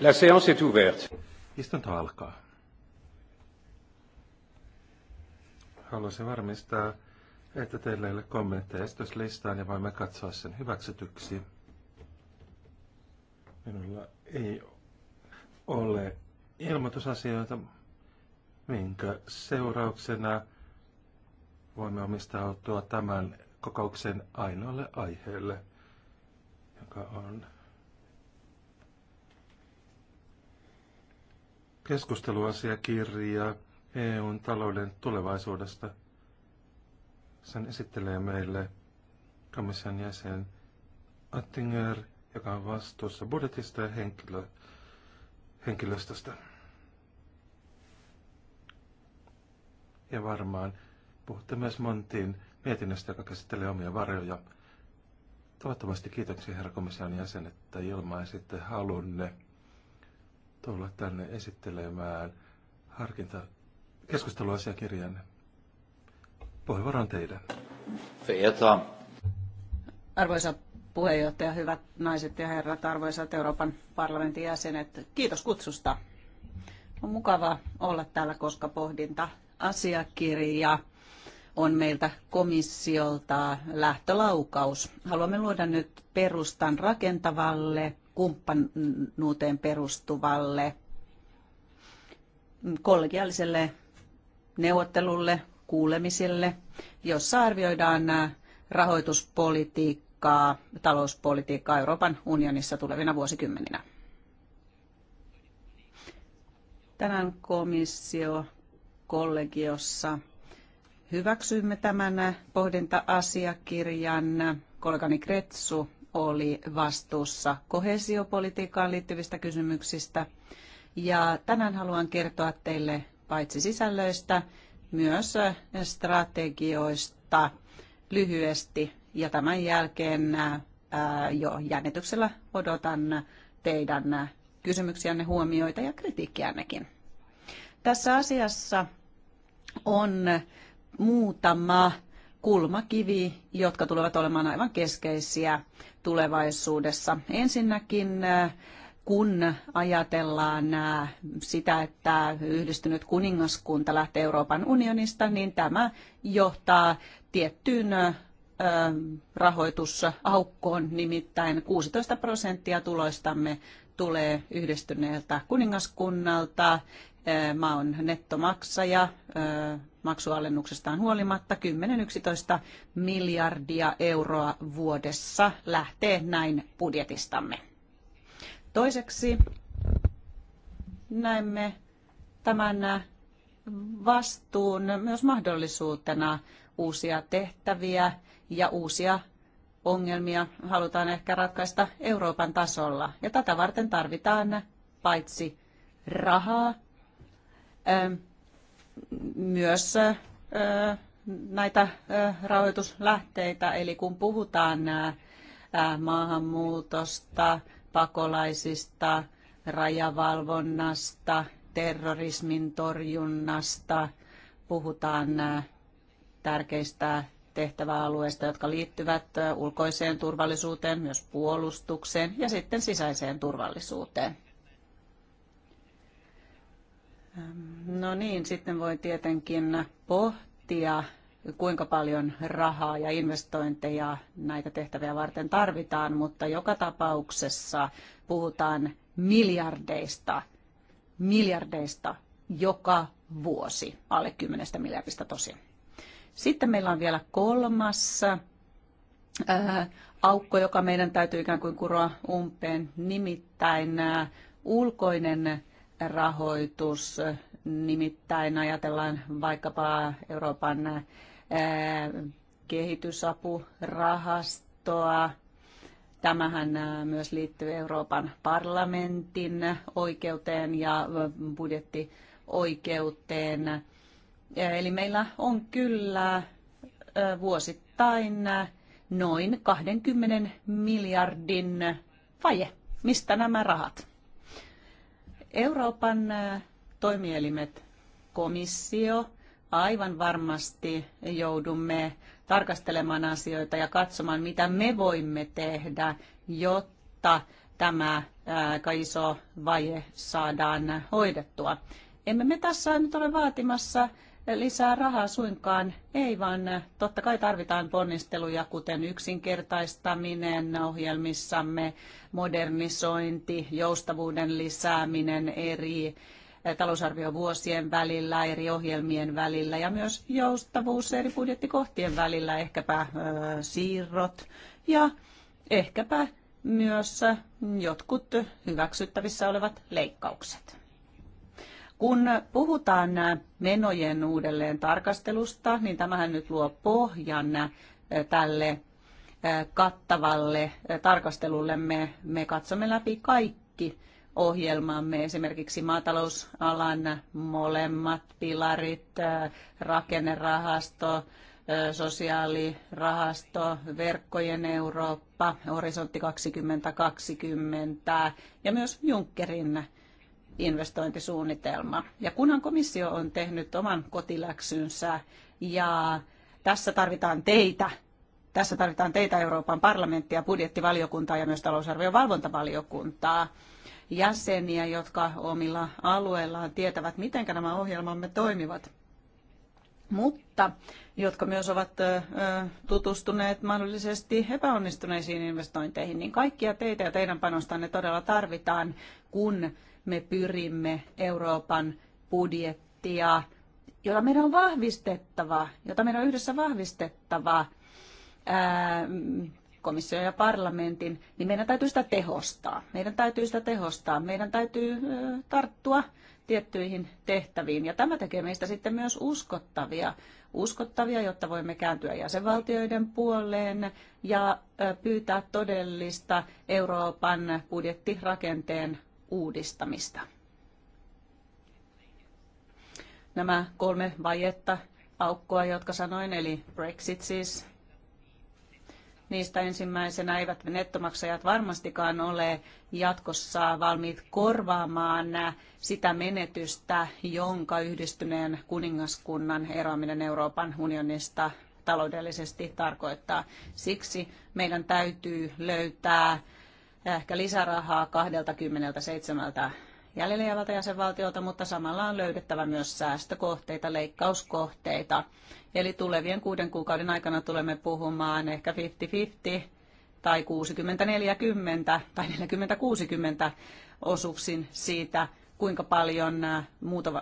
La séance est ouverte. Istunto alkaa. Haluaisin varmistaa, että teillä ei ole kommentteja esityslistaan ja voimme katsoa sen hyväksytyksi. Minulla ei ole ilmoitusasioita, minkä seurauksena voimme omistautua tämän kokouksen ainoalle aiheelle, joka on keskusteluasiakirja EUn talouden tulevaisuudesta. Sen esittelee meille komission jäsen Attinger, joka on vastuussa budjetista ja henkilö, henkilöstöstä. Ja varmaan puhutte myös Montin mietinnöstä, joka käsittelee omia varjoja. Toivottavasti kiitoksia herra komission jäsen, että ilmaisitte halunne tulla tänne esittelemään harkinta keskusteluasiakirjan. Puheenvuoro on teidän. Feeta. Arvoisa puheenjohtaja, hyvät naiset ja herrat, arvoisat Euroopan parlamentin jäsenet, kiitos kutsusta. On mukava olla täällä, koska pohdinta asiakirja on meiltä komissiolta lähtölaukaus. Haluamme luoda nyt perustan rakentavalle kumppanuuteen perustuvalle kollegialliselle neuvottelulle, kuulemisille, jossa arvioidaan rahoituspolitiikkaa, talouspolitiikkaa Euroopan unionissa tulevina vuosikymmeninä. Tänään komissio kollegiossa hyväksymme tämän pohdinta-asiakirjan. Kollegani Kretsu oli vastuussa kohesiopolitiikkaan liittyvistä kysymyksistä. Ja tänään haluan kertoa teille paitsi sisällöistä, myös strategioista lyhyesti. Ja tämän jälkeen jo jännityksellä odotan teidän kysymyksiänne, huomioita ja kritiikkiännekin. Tässä asiassa on muutama kulmakivi, jotka tulevat olemaan aivan keskeisiä tulevaisuudessa. Ensinnäkin äh, kun ajatellaan äh, sitä, että yhdistynyt kuningaskunta lähtee Euroopan unionista, niin tämä johtaa tiettyyn äh, rahoitusaukkoon, nimittäin 16 prosenttia tuloistamme tulee yhdistyneeltä kuningaskunnalta. Mä oon nettomaksaja maksualennuksestaan huolimatta 10-11 miljardia euroa vuodessa lähtee näin budjetistamme. Toiseksi näemme tämän vastuun myös mahdollisuutena uusia tehtäviä ja uusia ongelmia halutaan ehkä ratkaista Euroopan tasolla. Ja tätä varten tarvitaan paitsi rahaa, myös näitä rahoituslähteitä, eli kun puhutaan maahanmuutosta, pakolaisista, rajavalvonnasta, terrorismin torjunnasta, puhutaan tärkeistä tehtäväalueista, jotka liittyvät ulkoiseen turvallisuuteen, myös puolustukseen ja sitten sisäiseen turvallisuuteen. Ähm, no niin, sitten voi tietenkin pohtia, kuinka paljon rahaa ja investointeja näitä tehtäviä varten tarvitaan, mutta joka tapauksessa puhutaan miljardeista, miljardeista joka vuosi, alle 10 miljardista tosi. Sitten meillä on vielä kolmas ää, äh, aukko, joka meidän täytyy ikään kuin kuroa umpeen, nimittäin ää, äh, ulkoinen rahoitus. Nimittäin ajatellaan vaikkapa Euroopan kehitysapurahastoa. Tämähän myös liittyy Euroopan parlamentin oikeuteen ja budjettioikeuteen. Eli meillä on kyllä vuosittain noin 20 miljardin vaje. Mistä nämä rahat? Euroopan toimielimet, komissio, aivan varmasti joudumme tarkastelemaan asioita ja katsomaan, mitä me voimme tehdä, jotta tämä aika iso vaje saadaan hoidettua. Emme me tässä nyt ole vaatimassa lisää rahaa suinkaan, ei vaan äh, totta kai tarvitaan ponnisteluja, kuten yksinkertaistaminen ohjelmissamme, modernisointi, joustavuuden lisääminen eri äh, talousarviovuosien välillä, eri ohjelmien välillä ja myös joustavuus eri budjettikohtien välillä, ehkäpä äh, siirrot ja ehkäpä myös jotkut hyväksyttävissä olevat leikkaukset. Kun puhutaan menojen uudelleen tarkastelusta, niin tämähän nyt luo pohjan tälle kattavalle tarkastelulle. Me, me katsomme läpi kaikki ohjelmamme, esimerkiksi maatalousalan molemmat pilarit, rakennerahasto, sosiaalirahasto, verkkojen Eurooppa, horisontti 2020 ja myös Junckerin investointisuunnitelma. Ja kunhan komissio on tehnyt oman kotiläksynsä ja tässä tarvitaan teitä, tässä tarvitaan teitä Euroopan parlamenttia, budjettivaliokuntaa ja myös talousarvion valvontavaliokuntaa, jäseniä, jotka omilla alueillaan tietävät, miten nämä ohjelmamme toimivat mutta jotka myös ovat tutustuneet mahdollisesti epäonnistuneisiin investointeihin, niin kaikkia teitä ja teidän panostanne todella tarvitaan, kun me pyrimme Euroopan budjettia, jota meidän on vahvistettava, jota meidän on yhdessä vahvistettava ää, ähm, komission ja parlamentin, niin meidän täytyy sitä tehostaa. Meidän täytyy sitä tehostaa. Meidän täytyy tarttua tiettyihin tehtäviin. Ja tämä tekee meistä sitten myös uskottavia, uskottavia jotta voimme kääntyä jäsenvaltioiden puoleen ja pyytää todellista Euroopan budjettirakenteen uudistamista. Nämä kolme vajetta, aukkoa, jotka sanoin, eli Brexit siis, niistä ensimmäisenä eivät nettomaksajat varmastikaan ole jatkossa valmiit korvaamaan sitä menetystä, jonka yhdistyneen kuningaskunnan eroaminen Euroopan unionista taloudellisesti tarkoittaa. Siksi meidän täytyy löytää ja ehkä lisärahaa 27 jäljellä jäävältä jäsenvaltiolta, mutta samalla on löydettävä myös säästökohteita, leikkauskohteita. Eli tulevien kuuden kuukauden aikana tulemme puhumaan ehkä 50-50 tai 60-40 tai 40-60 osuksin siitä, kuinka paljon äh, muut äh,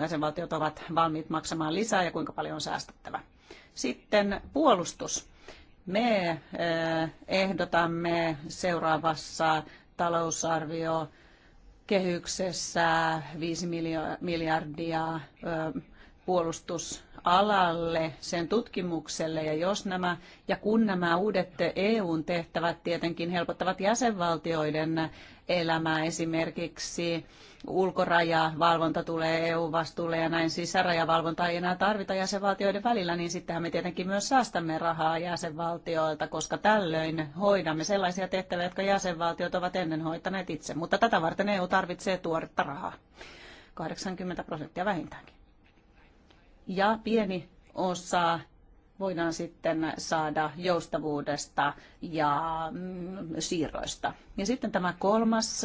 jäsenvaltiot ovat valmiit maksamaan lisää ja kuinka paljon on säästettävä. Sitten puolustus. Me eh, ehdotamme seuraavassa talousarvio kehyksessä 5 miljardia puolustusalalle, sen tutkimukselle ja jos nämä ja kun nämä uudet eu tehtävät tietenkin helpottavat jäsenvaltioiden elämää esimerkiksi ulkorajavalvonta tulee EU-vastuulle ja näin sisärajavalvonta ei enää tarvita jäsenvaltioiden välillä, niin sittenhän me tietenkin myös säästämme rahaa jäsenvaltioilta, koska tällöin hoidamme sellaisia tehtäviä, jotka jäsenvaltiot ovat ennen hoitaneet itse. Mutta tätä varten EU tarvitsee tuoretta rahaa. 80 prosenttia vähintäänkin. Ja pieni osa voidaan sitten saada joustavuudesta ja mm, siirroista. Ja sitten tämä kolmas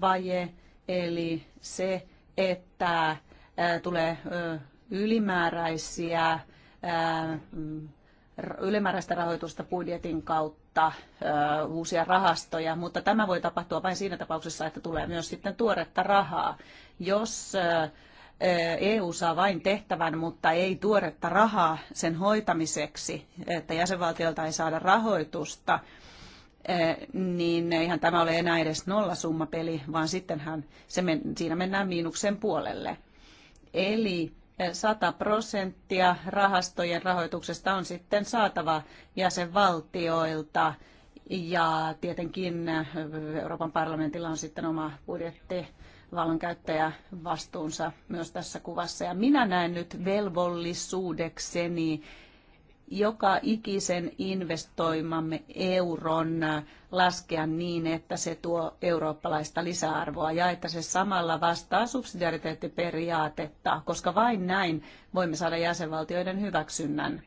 vaje, eli se, että tulee ylimääräisiä, ylimääräistä rahoitusta budjetin kautta, uusia rahastoja, mutta tämä voi tapahtua vain siinä tapauksessa, että tulee myös sitten tuoretta rahaa. Jos EU saa vain tehtävän, mutta ei tuoretta rahaa sen hoitamiseksi, että jäsenvaltiolta ei saada rahoitusta, niin eihän tämä ole enää edes nollasummapeli, vaan sittenhän se men, siinä mennään miinuksen puolelle. Eli 100 prosenttia rahastojen rahoituksesta on sitten saatava jäsenvaltioilta ja tietenkin Euroopan parlamentilla on sitten oma budjetti vallankäyttäjä vastuunsa myös tässä kuvassa. Ja minä näen nyt velvollisuudekseni joka ikisen investoimamme euron laskea niin, että se tuo eurooppalaista lisäarvoa ja että se samalla vastaa subsidiariteettiperiaatetta, koska vain näin voimme saada jäsenvaltioiden hyväksynnän.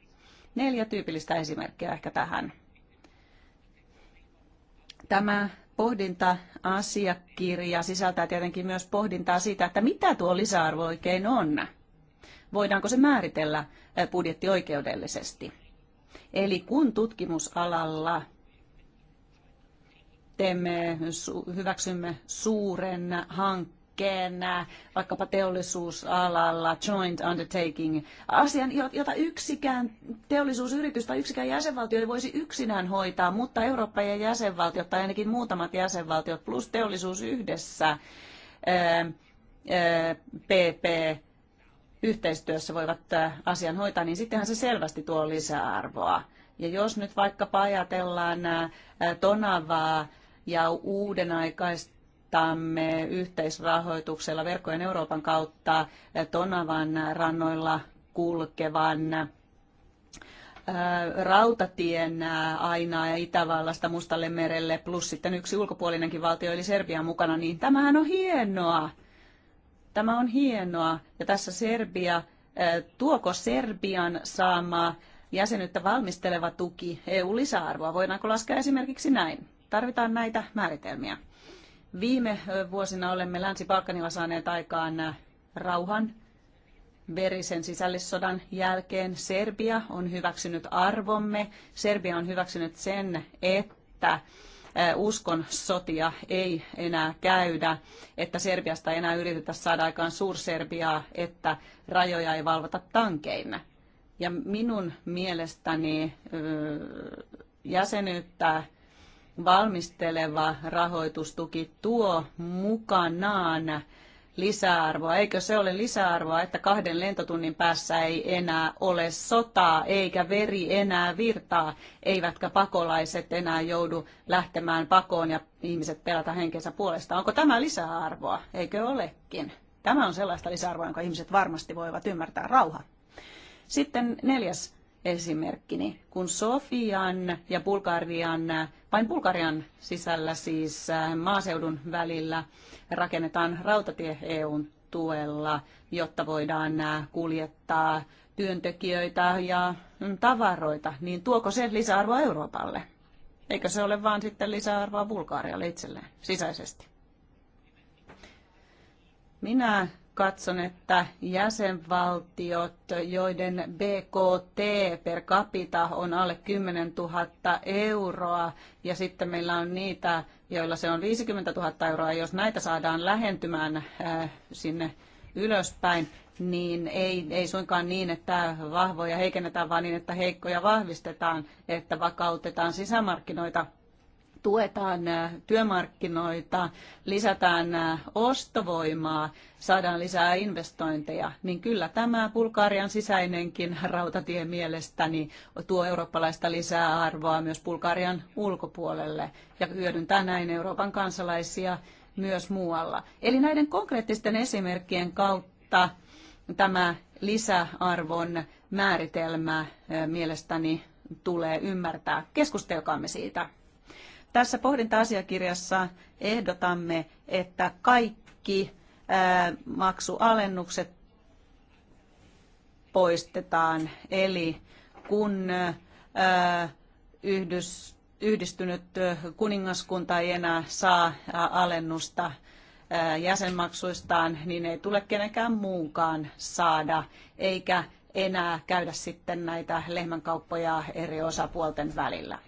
Neljä tyypillistä esimerkkiä ehkä tähän. Tämä pohdinta-asiakirja sisältää tietenkin myös pohdintaa siitä, että mitä tuo lisäarvo oikein on. Voidaanko se määritellä eh, budjettioikeudellisesti? Eli kun tutkimusalalla teemme, hyväksymme suuren hankkeen, liikkeen äh, vaikkapa teollisuusalalla, joint undertaking, asian, jota yksikään teollisuusyritys tai yksikään jäsenvaltio ei voisi yksinään hoitaa, mutta Eurooppa ja jäsenvaltiot tai ainakin muutamat jäsenvaltiot plus teollisuus yhdessä PP ähm, äh, yhteistyössä voivat äh, asian hoitaa, niin sittenhän se selvästi tuo lisäarvoa. Ja jos nyt vaikkapa ajatellaan tonavaa ja uuden aikaista rahoitamme yhteisrahoituksella verkkojen Euroopan kautta Tonavan rannoilla kulkevan rautatien aina Itävallasta Mustalle merelle plus sitten yksi ulkopuolinenkin valtio eli Serbia mukana, niin tämähän on hienoa. Tämä on hienoa ja tässä Serbia, tuoko Serbian saama jäsenyyttä valmisteleva tuki EU-lisäarvoa? Voidaanko laskea esimerkiksi näin? Tarvitaan näitä määritelmiä. Viime vuosina olemme Länsi-Balkanilla saaneet aikaan rauhan verisen sisällissodan jälkeen. Serbia on hyväksynyt arvomme. Serbia on hyväksynyt sen, että uskon sotia ei enää käydä, että Serbiasta ei enää yritetä saada aikaan suurserbiaa, että rajoja ei valvota tankeina. Ja minun mielestäni jäsenyyttä valmisteleva rahoitustuki tuo mukanaan lisäarvoa. Eikö se ole lisäarvoa, että kahden lentotunnin päässä ei enää ole sotaa eikä veri enää virtaa, eivätkä pakolaiset enää joudu lähtemään pakoon ja ihmiset pelata henkensä puolesta. Onko tämä lisäarvoa? Eikö olekin? Tämä on sellaista lisäarvoa, jonka ihmiset varmasti voivat ymmärtää rauha. Sitten neljäs esimerkkini. Kun Sofian ja Bulgarian, vain Bulgarian sisällä siis äh, maaseudun välillä rakennetaan rautatie EUn tuella, jotta voidaan äh, kuljettaa työntekijöitä ja mm, tavaroita, niin tuoko se lisäarvoa Euroopalle? Eikö se ole vaan sitten lisäarvoa Bulgarialle itselleen sisäisesti? Minä katson, että jäsenvaltiot, joiden BKT per capita on alle 10 000 euroa, ja sitten meillä on niitä, joilla se on 50 000 euroa, jos näitä saadaan lähentymään äh, sinne ylöspäin, niin ei, ei suinkaan niin, että vahvoja heikennetään, vaan niin, että heikkoja vahvistetaan, että vakautetaan sisämarkkinoita tuetaan työmarkkinoita, lisätään ostovoimaa, saadaan lisää investointeja, niin kyllä tämä Bulgarian sisäinenkin rautatie mielestäni tuo eurooppalaista lisää arvoa myös Bulgarian ulkopuolelle ja hyödyntää näin Euroopan kansalaisia myös muualla. Eli näiden konkreettisten esimerkkien kautta tämä lisäarvon määritelmä mielestäni tulee ymmärtää. Keskustelkaamme siitä. Tässä pohdinta-asiakirjassa ehdotamme, että kaikki maksualennukset poistetaan. Eli kun yhdys, yhdistynyt kuningaskunta ei enää saa alennusta jäsenmaksuistaan, niin ei tule kenenkään muunkaan saada, eikä enää käydä sitten näitä lehmänkauppoja eri osapuolten välillä.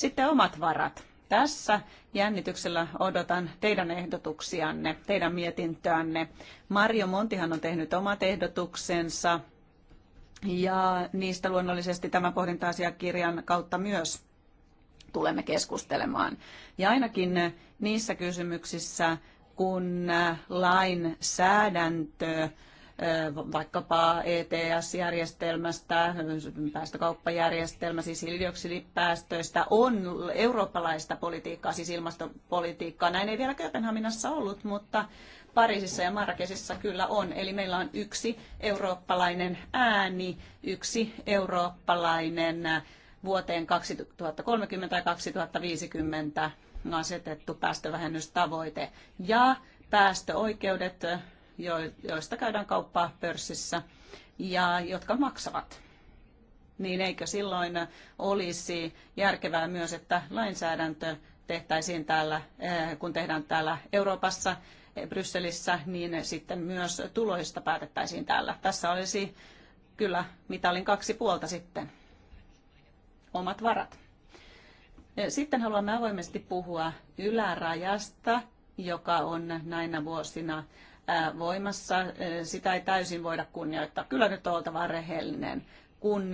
Sitten omat varat. Tässä jännityksellä odotan teidän ehdotuksianne, teidän mietintöänne. Marjo Montihan on tehnyt omat ehdotuksensa ja niistä luonnollisesti tämän pohdinta-asiakirjan kautta myös tulemme keskustelemaan. Ja ainakin niissä kysymyksissä, kun lainsäädäntö säädäntö vaikkapa ETS-järjestelmästä, päästökauppajärjestelmä, siis hiilidioksidipäästöistä, on eurooppalaista politiikkaa, siis ilmastopolitiikkaa. Näin ei vielä Kööpenhaminassa ollut, mutta Pariisissa ja Marrakesissa kyllä on. Eli meillä on yksi eurooppalainen ääni, yksi eurooppalainen vuoteen 2030 ja 2050 asetettu päästövähennystavoite. Ja päästöoikeudet joista käydään kauppaa pörssissä ja jotka maksavat. Niin eikö silloin olisi järkevää myös, että lainsäädäntö tehtäisiin täällä, eh, kun tehdään täällä Euroopassa, eh, Brysselissä, niin sitten myös tuloista päätettäisiin täällä. Tässä olisi kyllä mitalin kaksi puolta sitten. Omat varat. Eh, sitten haluamme avoimesti puhua ylärajasta, joka on näinä vuosina voimassa, sitä ei täysin voida kunnioittaa. Kyllä nyt on oltava rehellinen. Kun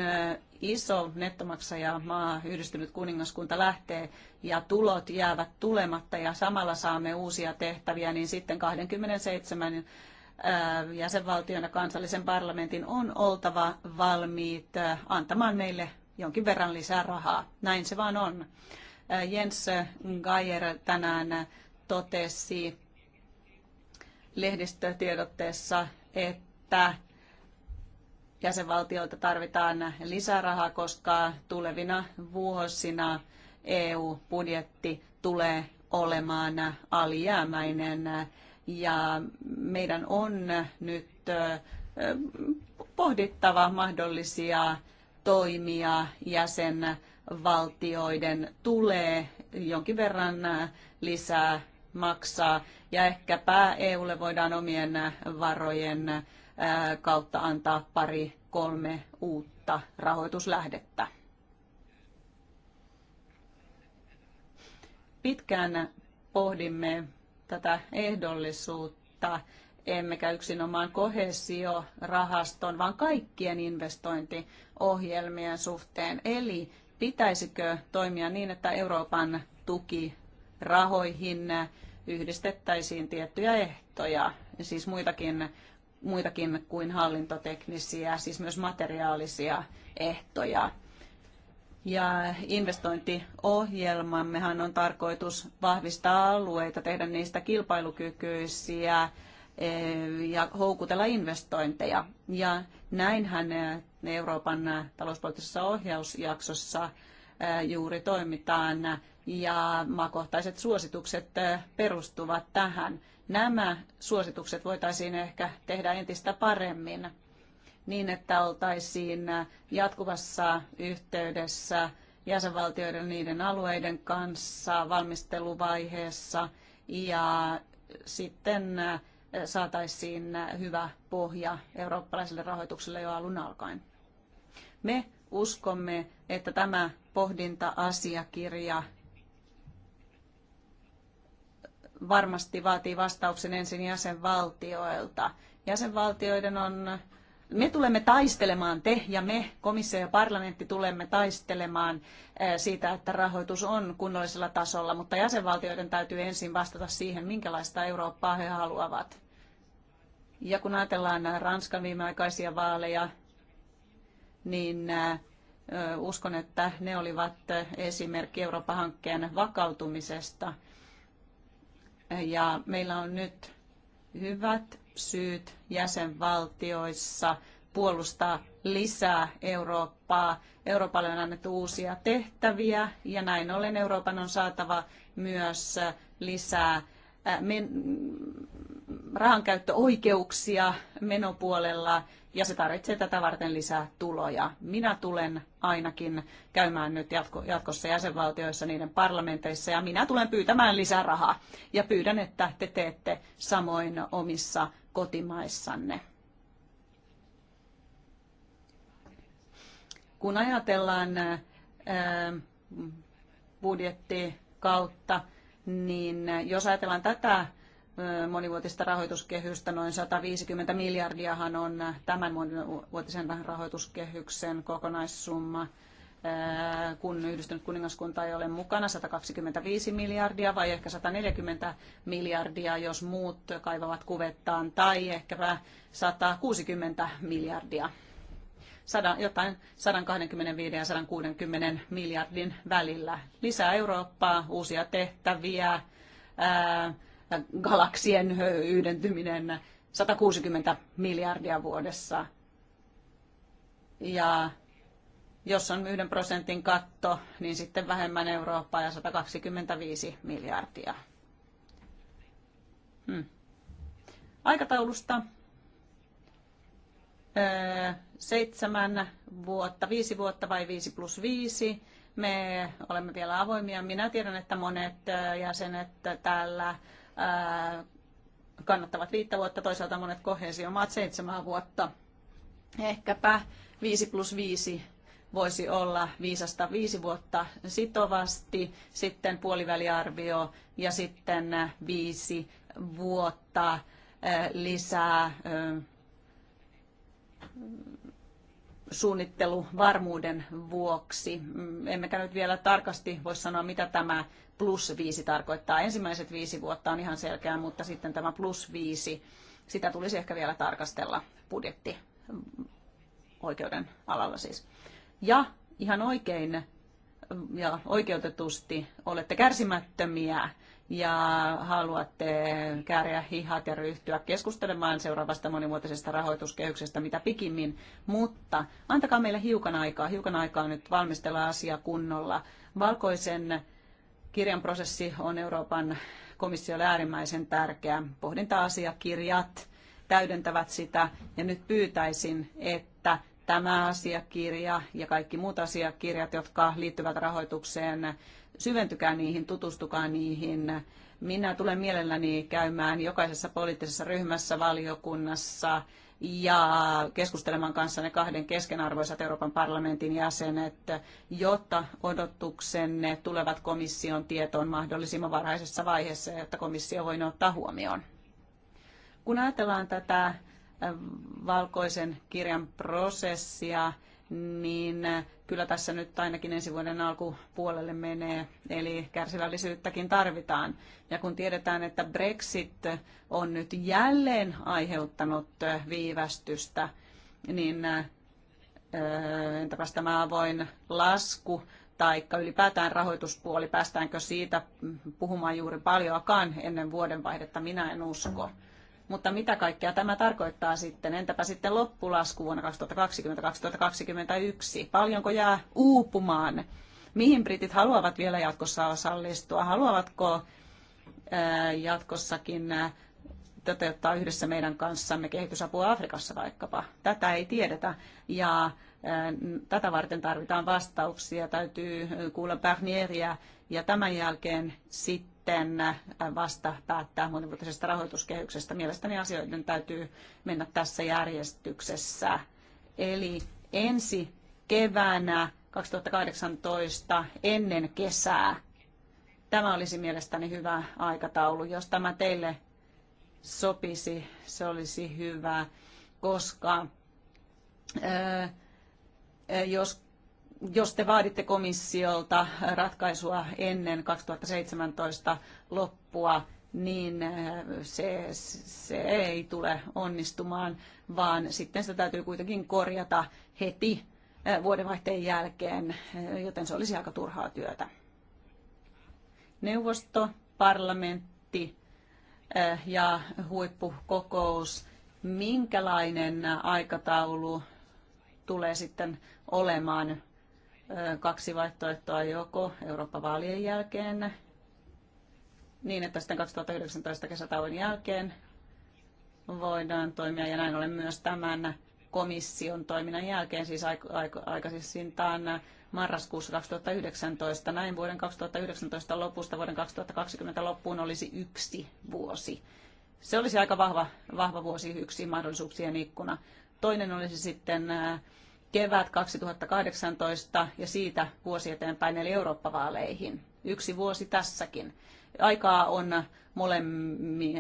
iso nettomaksaja maa, yhdistynyt kuningaskunta lähtee ja tulot jäävät tulematta ja samalla saamme uusia tehtäviä, niin sitten 27 jäsenvaltion ja kansallisen parlamentin on oltava valmiit antamaan meille jonkin verran lisää rahaa. Näin se vaan on. Jens Geier tänään totesi lehdistötiedotteessa, että jäsenvaltioilta tarvitaan lisärahaa, koska tulevina vuosina EU-budjetti tulee olemaan alijäämäinen ja meidän on nyt pohdittava mahdollisia toimia jäsenvaltioiden tulee jonkin verran lisää maksaa ja ehkäpä EUlle voidaan omien varojen kautta antaa pari kolme uutta rahoituslähdettä. Pitkään pohdimme tätä ehdollisuutta, emmekä yksinomaan kohesiorahaston, vaan kaikkien investointiohjelmien suhteen. Eli pitäisikö toimia niin, että Euroopan tuki rahoihin yhdistettäisiin tiettyjä ehtoja, siis muitakin, muitakin kuin hallintoteknisiä, siis myös materiaalisia ehtoja. Ja investointiohjelmammehan on tarkoitus vahvistaa alueita, tehdä niistä kilpailukykyisiä eh, ja houkutella investointeja. Ja näinhän Euroopan talouspoliittisessa ohjausjaksossa eh, juuri toimitaan ja maakohtaiset suositukset eh, perustuvat tähän. Nämä suositukset voitaisiin ehkä tehdä entistä paremmin niin, että oltaisiin jatkuvassa yhteydessä jäsenvaltioiden niiden alueiden kanssa valmisteluvaiheessa ja sitten eh, saataisiin hyvä pohja eurooppalaiselle rahoitukselle jo alun alkaen. Me uskomme, että tämä pohdinta-asiakirja varmasti vaatii vastauksen ensin jäsenvaltioilta. Jäsenvaltioiden on, me tulemme taistelemaan, te ja me, komissio ja parlamentti tulemme taistelemaan eh, siitä, että rahoitus on kunnollisella tasolla, mutta jäsenvaltioiden täytyy ensin vastata siihen, minkälaista Eurooppaa he haluavat. Ja kun ajatellaan Ranskan viimeaikaisia vaaleja, niin eh, uskon, että ne olivat eh, esimerkki Euroopan hankkeen vakautumisesta – ja meillä on nyt hyvät syyt jäsenvaltioissa puolustaa lisää Eurooppaa. Euroopalle on annettu uusia tehtäviä ja näin ollen Euroopan on saatava myös lisää äh, men- rahankäyttöoikeuksia menopuolella ja se tarvitsee tätä varten lisää tuloja. Minä tulen ainakin käymään nyt jatko, jatkossa jäsenvaltioissa, niiden parlamenteissa ja minä tulen pyytämään lisää rahaa ja pyydän, että te teette samoin omissa kotimaissanne. Kun ajatellaan budjetti kautta, niin jos ajatellaan tätä monivuotista rahoituskehystä. Noin 150 miljardiahan on tämän monivuotisen rahoituskehyksen kokonaissumma kun yhdistynyt kuningaskunta ei ole mukana, 125 miljardia vai ehkä 140 miljardia, jos muut kaivavat kuvettaan, tai ehkäpä 160 miljardia. Sada, jotain 125 ja 160 miljardin välillä. Lisää Eurooppaa, uusia tehtäviä, galaksien yhdentyminen 160 miljardia vuodessa. Ja jos on yhden prosentin katto, niin sitten vähemmän Eurooppaa ja 125 miljardia. Hmm. Aikataulusta öö, seitsemän vuotta, viisi vuotta vai viisi plus viisi. Me olemme vielä avoimia. Minä tiedän, että monet jäsenet täällä kannattavat viittä vuotta, toisaalta monet maat seitsemän vuotta. Ehkäpä 5 plus 5 voisi olla viisasta viisi vuotta sitovasti, sitten puoliväliarvio ja sitten viisi vuotta lisää suunnitteluvarmuuden vuoksi. Mm, Emmekä nyt vielä tarkasti voi sanoa, mitä tämä plus viisi tarkoittaa. Ensimmäiset viisi vuotta on ihan selkeää, mutta sitten tämä plus viisi, sitä tulisi ehkä vielä tarkastella budjetti mm, oikeuden alalla siis. Ja ihan oikein ja oikeutetusti olette kärsimättömiä ja haluatte kääriä hihat ja ryhtyä keskustelemaan seuraavasta monimuotoisesta rahoituskehyksestä mitä pikimmin, mutta antakaa meille hiukan aikaa, hiukan aikaa nyt valmistella asia kunnolla. Valkoisen kirjan prosessi on Euroopan komissiolle äärimmäisen tärkeä. Pohdinta-asiakirjat täydentävät sitä ja nyt pyytäisin, että tämä asiakirja ja kaikki muut asiakirjat, jotka liittyvät rahoitukseen, syventykää niihin, tutustukaa niihin. Minä tulen mielelläni käymään jokaisessa poliittisessa ryhmässä, valiokunnassa ja keskustelemaan kanssanne kahden keskenarvoisat Euroopan parlamentin jäsenet, jotta odotuksenne tulevat komission tietoon mahdollisimman varhaisessa vaiheessa, jotta komissio voi ottaa huomioon. Kun ajatellaan tätä valkoisen kirjan prosessia, niin äh, kyllä tässä nyt ainakin ensi vuoden alkupuolelle menee, eli kärsivällisyyttäkin tarvitaan. Ja kun tiedetään, että Brexit on nyt jälleen aiheuttanut äh, viivästystä, niin äh, entäpäs tämä avoin lasku, taikka ylipäätään rahoituspuoli, päästäänkö siitä puhumaan juuri paljoakaan ennen vuodenvaihdetta, minä en usko. Mm mutta mitä kaikkea tämä tarkoittaa sitten? Entäpä sitten loppulasku vuonna 2020-2021? Paljonko jää uupumaan? Mihin britit haluavat vielä jatkossa osallistua? Haluavatko jatkossakin toteuttaa yhdessä meidän kanssamme kehitysapua Afrikassa vaikkapa. Tätä ei tiedetä ja tätä varten tarvitaan vastauksia. Täytyy kuulla Barnieria ja tämän jälkeen sitten sitten vasta päättää monivuotisesta rahoituskehyksestä. Mielestäni asioiden täytyy mennä tässä järjestyksessä. Eli ensi keväänä 2018 ennen kesää. Tämä olisi mielestäni hyvä aikataulu. Jos tämä teille sopisi, se olisi hyvä, koska jos jos te vaaditte komissiolta ratkaisua ennen 2017 loppua, niin äh, se, se ei tule onnistumaan, vaan sitten sitä täytyy kuitenkin korjata heti äh, vuodenvaihteen jälkeen, äh, joten se olisi aika turhaa työtä. Neuvosto, parlamentti ja huippukokous. Minkälainen aikataulu tulee sitten olemaan kaksi vaihtoehtoa joko Eurooppa-vaalien jälkeen, niin että sitten 2019 kesätauon jälkeen voidaan toimia ja näin ollen myös tämän komission toiminnan jälkeen, siis aikaisintaan marraskuussa 2019. Näin vuoden 2019 lopusta vuoden 2020 loppuun olisi yksi vuosi. Se olisi aika vahva, vahva vuosi, yksi mahdollisuuksien ikkuna. Toinen olisi sitten kevät 2018 ja siitä vuosi eteenpäin, eli Eurooppa-vaaleihin. Yksi vuosi tässäkin. Aikaa on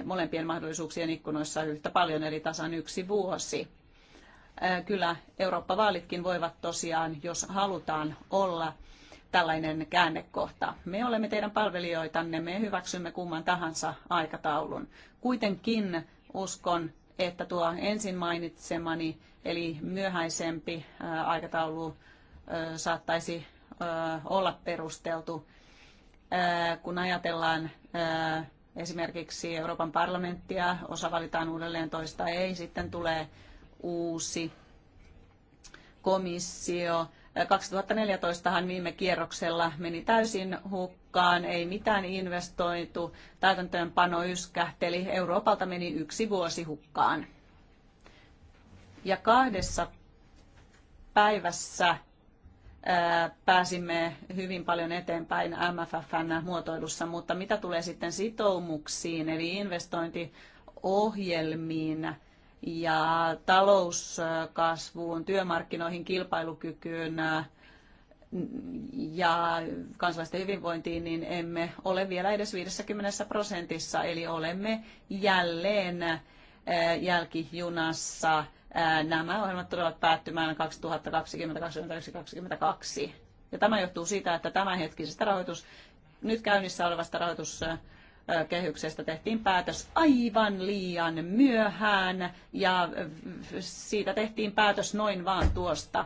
molempien mahdollisuuksien ikkunoissa yhtä paljon, eli tasan yksi vuosi. Kyllä Eurooppa-vaalitkin voivat tosiaan, jos halutaan olla tällainen käännekohta. Me olemme teidän palvelijoitanne, me hyväksymme kumman tahansa aikataulun. Kuitenkin uskon, että tuo ensin mainitsemani eli myöhäisempi äh, aikataulu äh, saattaisi äh, olla perusteltu, kun ajatellaan esimerkiksi Euroopan parlamenttia, osa valitaan uudelleen, toista ei, sitten tulee uusi komissio. 2014han viime kierroksella meni täysin hukkaan, ei mitään investoitu, täytäntöönpano yskähteli, Euroopalta meni yksi vuosi hukkaan ja kahdessa päivässä pääsimme hyvin paljon eteenpäin MFFn muotoilussa, mutta mitä tulee sitten sitoumuksiin, eli investointiohjelmiin ja talouskasvuun, työmarkkinoihin, kilpailukykyyn ja kansalaisten hyvinvointiin, niin emme ole vielä edes 50 prosentissa, eli olemme jälleen jälkijunassa – nämä ohjelmat tulevat päättymään 2020, 2022. Ja tämä johtuu siitä, että tämänhetkisestä rahoitus, nyt käynnissä olevasta rahoituskehyksestä tehtiin päätös aivan liian myöhään ja siitä tehtiin päätös noin vaan tuosta.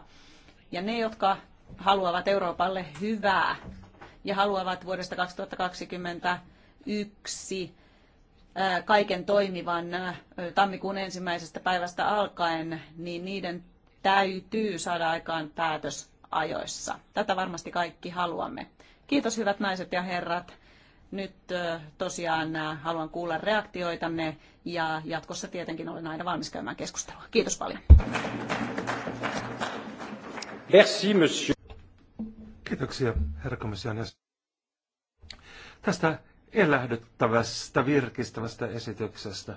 Ja ne, jotka haluavat Euroopalle hyvää ja haluavat vuodesta 2021 kaiken toimivan tammikuun ensimmäisestä päivästä alkaen, niin niiden täytyy saada aikaan päätös ajoissa. Tätä varmasti kaikki haluamme. Kiitos hyvät naiset ja herrat. Nyt tosiaan haluan kuulla reaktioitanne ja jatkossa tietenkin olen aina valmis käymään keskustelua. Kiitos paljon. Merci, monsieur. Kiitoksia, herra komission Tästä elähdyttävästä, virkistävästä esityksestä.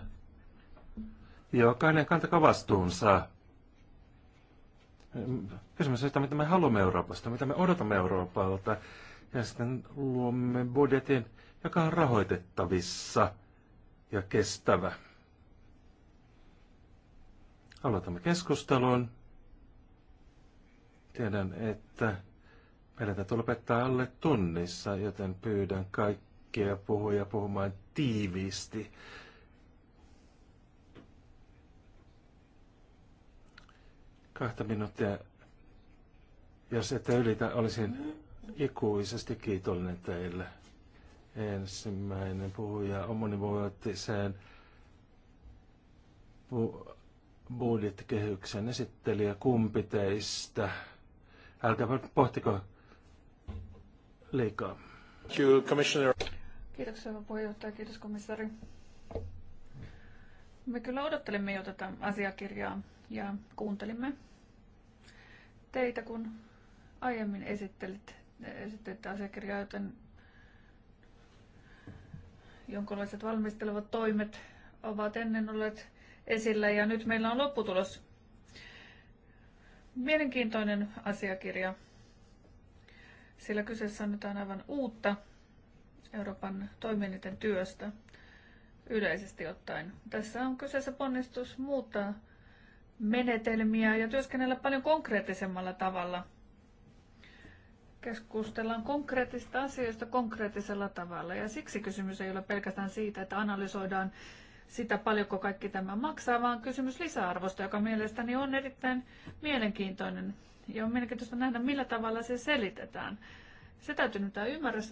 Jokainen kantakaa vastuunsa. Kysymys on sitä, mitä me haluamme Euroopasta, mitä me odotamme Euroopalta. Ja sitten luomme budjetin, joka on rahoitettavissa ja kestävä. Aloitamme keskustelun. Tiedän, että meidän täytyy lopettaa alle tunnissa, joten pyydän kaikki kaikkia ja puhumaan tiiviisti. Kahta minuuttia. Jos ette ylitä, olisin ikuisesti kiitollinen teille. Ensimmäinen puhuja omonivuotiseen bu- budjettikehyksen esittelijä. Kumpi teistä? Älkää pohtiko liikaa. Commissioner. Kiitoksia, hyvä puheenjohtaja. Kiitos, komissaari. Me kyllä odottelimme jo tätä asiakirjaa ja kuuntelimme teitä, kun aiemmin esittelit, esittelitte asiakirjaa, joten jonkinlaiset valmistelevat toimet ovat ennen olleet esillä ja nyt meillä on lopputulos. Mielenkiintoinen asiakirja, sillä kyseessä on nyt aivan uutta, Euroopan toimielinten työstä yleisesti ottaen. Tässä on kyseessä ponnistus muuttaa menetelmiä ja työskennellä paljon konkreettisemmalla tavalla. Keskustellaan konkreettisista asioista konkreettisella tavalla ja siksi kysymys ei ole pelkästään siitä, että analysoidaan sitä, paljonko kaikki tämä maksaa, vaan kysymys lisäarvosta, joka mielestäni on erittäin mielenkiintoinen. Ja on mielenkiintoista nähdä, millä tavalla se selitetään. Se täytyy nyt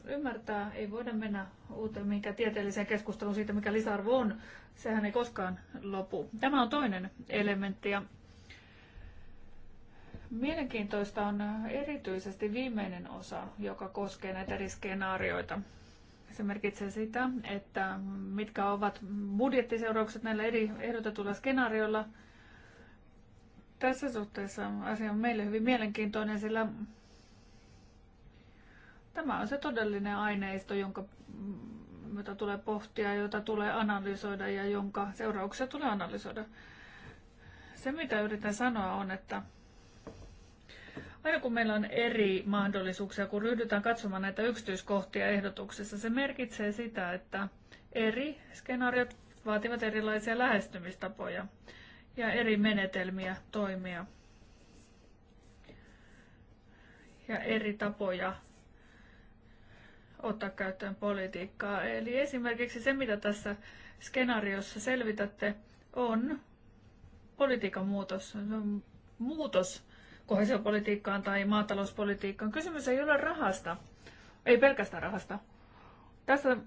ymmärtää. Ei voida mennä uuteen minkä tieteelliseen keskusteluun siitä, mikä lisäarvo on. Sehän ei koskaan lopu. Tämä on toinen elementti. Ja mielenkiintoista on erityisesti viimeinen osa, joka koskee näitä skenaarioita. Se merkitsee sitä, että mitkä ovat budjettiseuraukset näillä eri ehdotetuilla skenaarioilla. Tässä suhteessa asia on meille hyvin mielenkiintoinen, sillä Tämä on se todellinen aineisto, jonka, mm, jota tulee pohtia, jota tulee analysoida ja jonka seurauksia tulee analysoida. Se, mitä yritän sanoa, on, että aina kun meillä on eri mahdollisuuksia, kun ryhdytään katsomaan näitä yksityiskohtia ehdotuksessa, se merkitsee sitä, että eri skenaariot vaativat erilaisia lähestymistapoja ja eri menetelmiä toimia ja eri tapoja ottaa käyttöön politiikkaa. Eli esimerkiksi se, mitä tässä skenaariossa selvitätte, on politiikan muutos, muutos kohesiopolitiikkaan tai maatalouspolitiikkaan. Kysymys ei ole rahasta, ei pelkästään rahasta. Tässä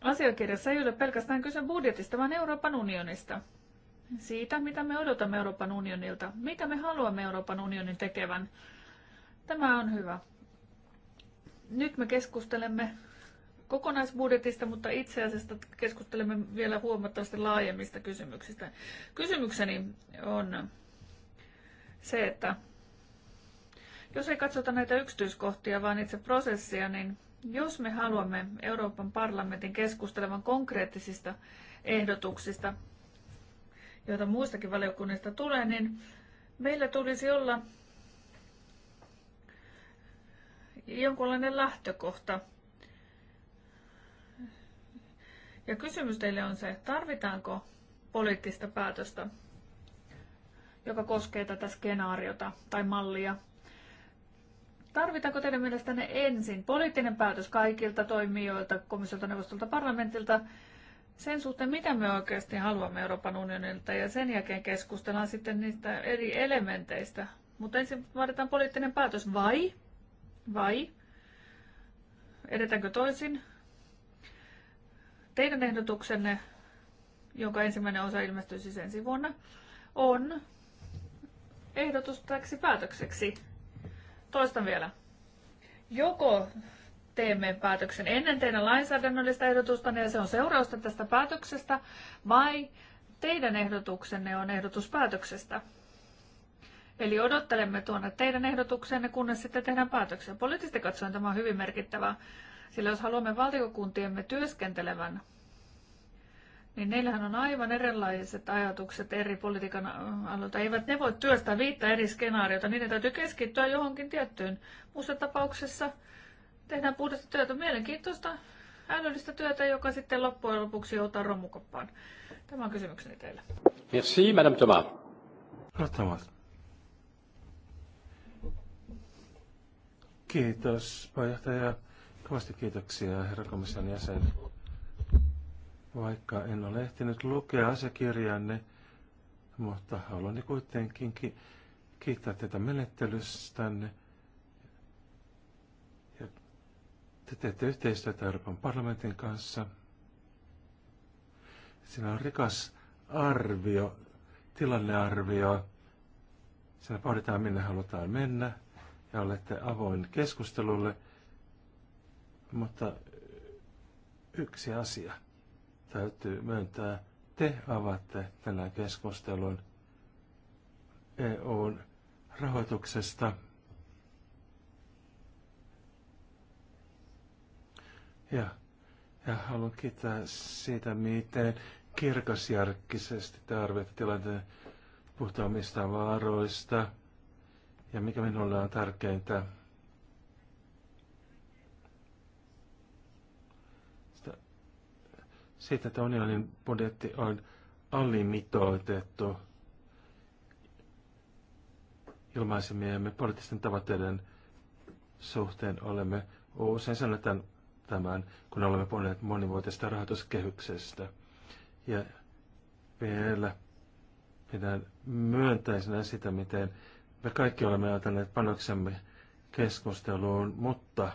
asiakirjassa ei ole pelkästään kyse budjetista, vaan Euroopan unionista. Siitä, mitä me odotamme Euroopan unionilta, mitä me haluamme Euroopan unionin tekevän. Tämä on hyvä. Nyt me keskustelemme kokonaisbudjetista, mutta itse asiassa keskustelemme vielä huomattavasti laajemmista kysymyksistä. Kysymykseni on se, että jos ei katsota näitä yksityiskohtia, vaan itse prosessia, niin jos me haluamme Euroopan parlamentin keskustelevan konkreettisista ehdotuksista, joita muistakin valiokunnista tulee, niin meillä tulisi olla jonkunlainen lähtökohta. Ja kysymys teille on se, tarvitaanko poliittista päätöstä, joka koskee tätä skenaariota tai mallia. Tarvitaanko teidän mielestänne ensin poliittinen päätös kaikilta toimijoilta, komissiolta, neuvostolta, parlamentilta, sen suhteen, mitä me oikeasti haluamme Euroopan unionilta, ja sen jälkeen keskustellaan sitten niistä eri elementeistä. Mutta ensin vaaditaan poliittinen päätös, vai vai edetäänkö toisin? Teidän ehdotuksenne, jonka ensimmäinen osa ilmestyy siis ensi vuonna, on ehdotus täksi päätökseksi. Toistan vielä. Joko teemme päätöksen ennen teidän lainsäädännöllistä ehdotusta, ja niin se on seurausta tästä päätöksestä, vai teidän ehdotuksenne on ehdotus päätöksestä? Eli odottelemme tuonne teidän ehdotuksenne, kunnes sitten tehdään päätöksiä. Poliittisesti katsoen tämä on hyvin merkittävä, sillä jos haluamme valtiokuntiemme työskentelevän, niin neillähän on aivan erilaiset ajatukset eri politiikan alueilta. Eivät ne voi työstää viittä eri skenaariota, niiden täytyy keskittyä johonkin tiettyyn. Muussa tapauksessa tehdään puhdasta työtä, mielenkiintoista älyllistä työtä, joka sitten loppujen lopuksi joutaa romukoppaan. Tämä on kysymykseni teille. Merci, Madame Thomas. Thomas. Kiitos, puheenjohtaja. Kovasti kiitoksia, herra komission jäsen. Vaikka en ole ehtinyt lukea asiakirjanne, mutta haluan niin kuitenkin ki- kiittää tätä menettelystänne. Ja te teette yhteistyötä Euroopan parlamentin kanssa. Siinä on rikas arvio, tilannearvio. Siinä pohditaan, minne halutaan mennä ja olette avoin keskustelulle, mutta yksi asia täytyy myöntää. Te avatte tänään keskustelun EUn rahoituksesta. Ja, ja haluan kiittää siitä, miten kirkasjärkkisesti te arvioitte tilanteen puhtaamista varoista – ja mikä minulle on tärkeintä, sitä, siitä, että unionin budjetti on alimitoitettu ilmaisemiemme poliittisten tavoitteiden suhteen olemme usein sanotaan tämän, kun olemme puhuneet monivuotisesta rahoituskehyksestä. Ja vielä pidän myöntäisenä sitä, miten me kaikki olemme ajatelleet panoksemme keskusteluun, mutta,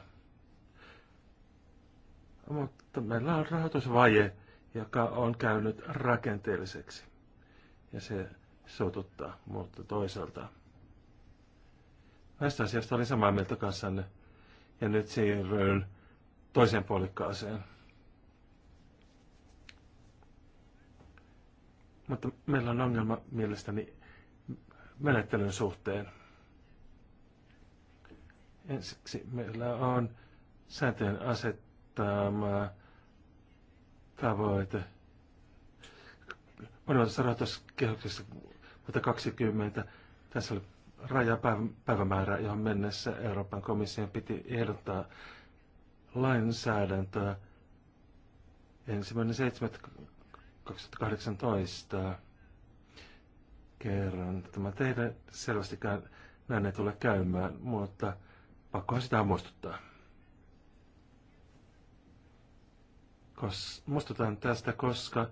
mutta meillä on rahoitusvaje, joka on käynyt rakenteelliseksi. Ja se sotuttaa, mutta toisaalta. Näistä asiasta olin samaa mieltä kanssanne. Ja nyt siirryn toiseen puolikkaaseen. Mutta meillä on ongelma mielestäni menettelyn suhteen. Ensiksi meillä on sääntöjen asettama tavoite monenlaisessa rahoituskehyksessä vuotta 2020. Tässä oli rajapäivämäärä, johon mennessä Euroopan komission piti ehdottaa lainsäädäntöä ensimmäinen 2018. Kerran tämä teidän selvästikään näin ei tule käymään, mutta pakkohan sitä muistuttaa. Kos, muistutan tästä, koska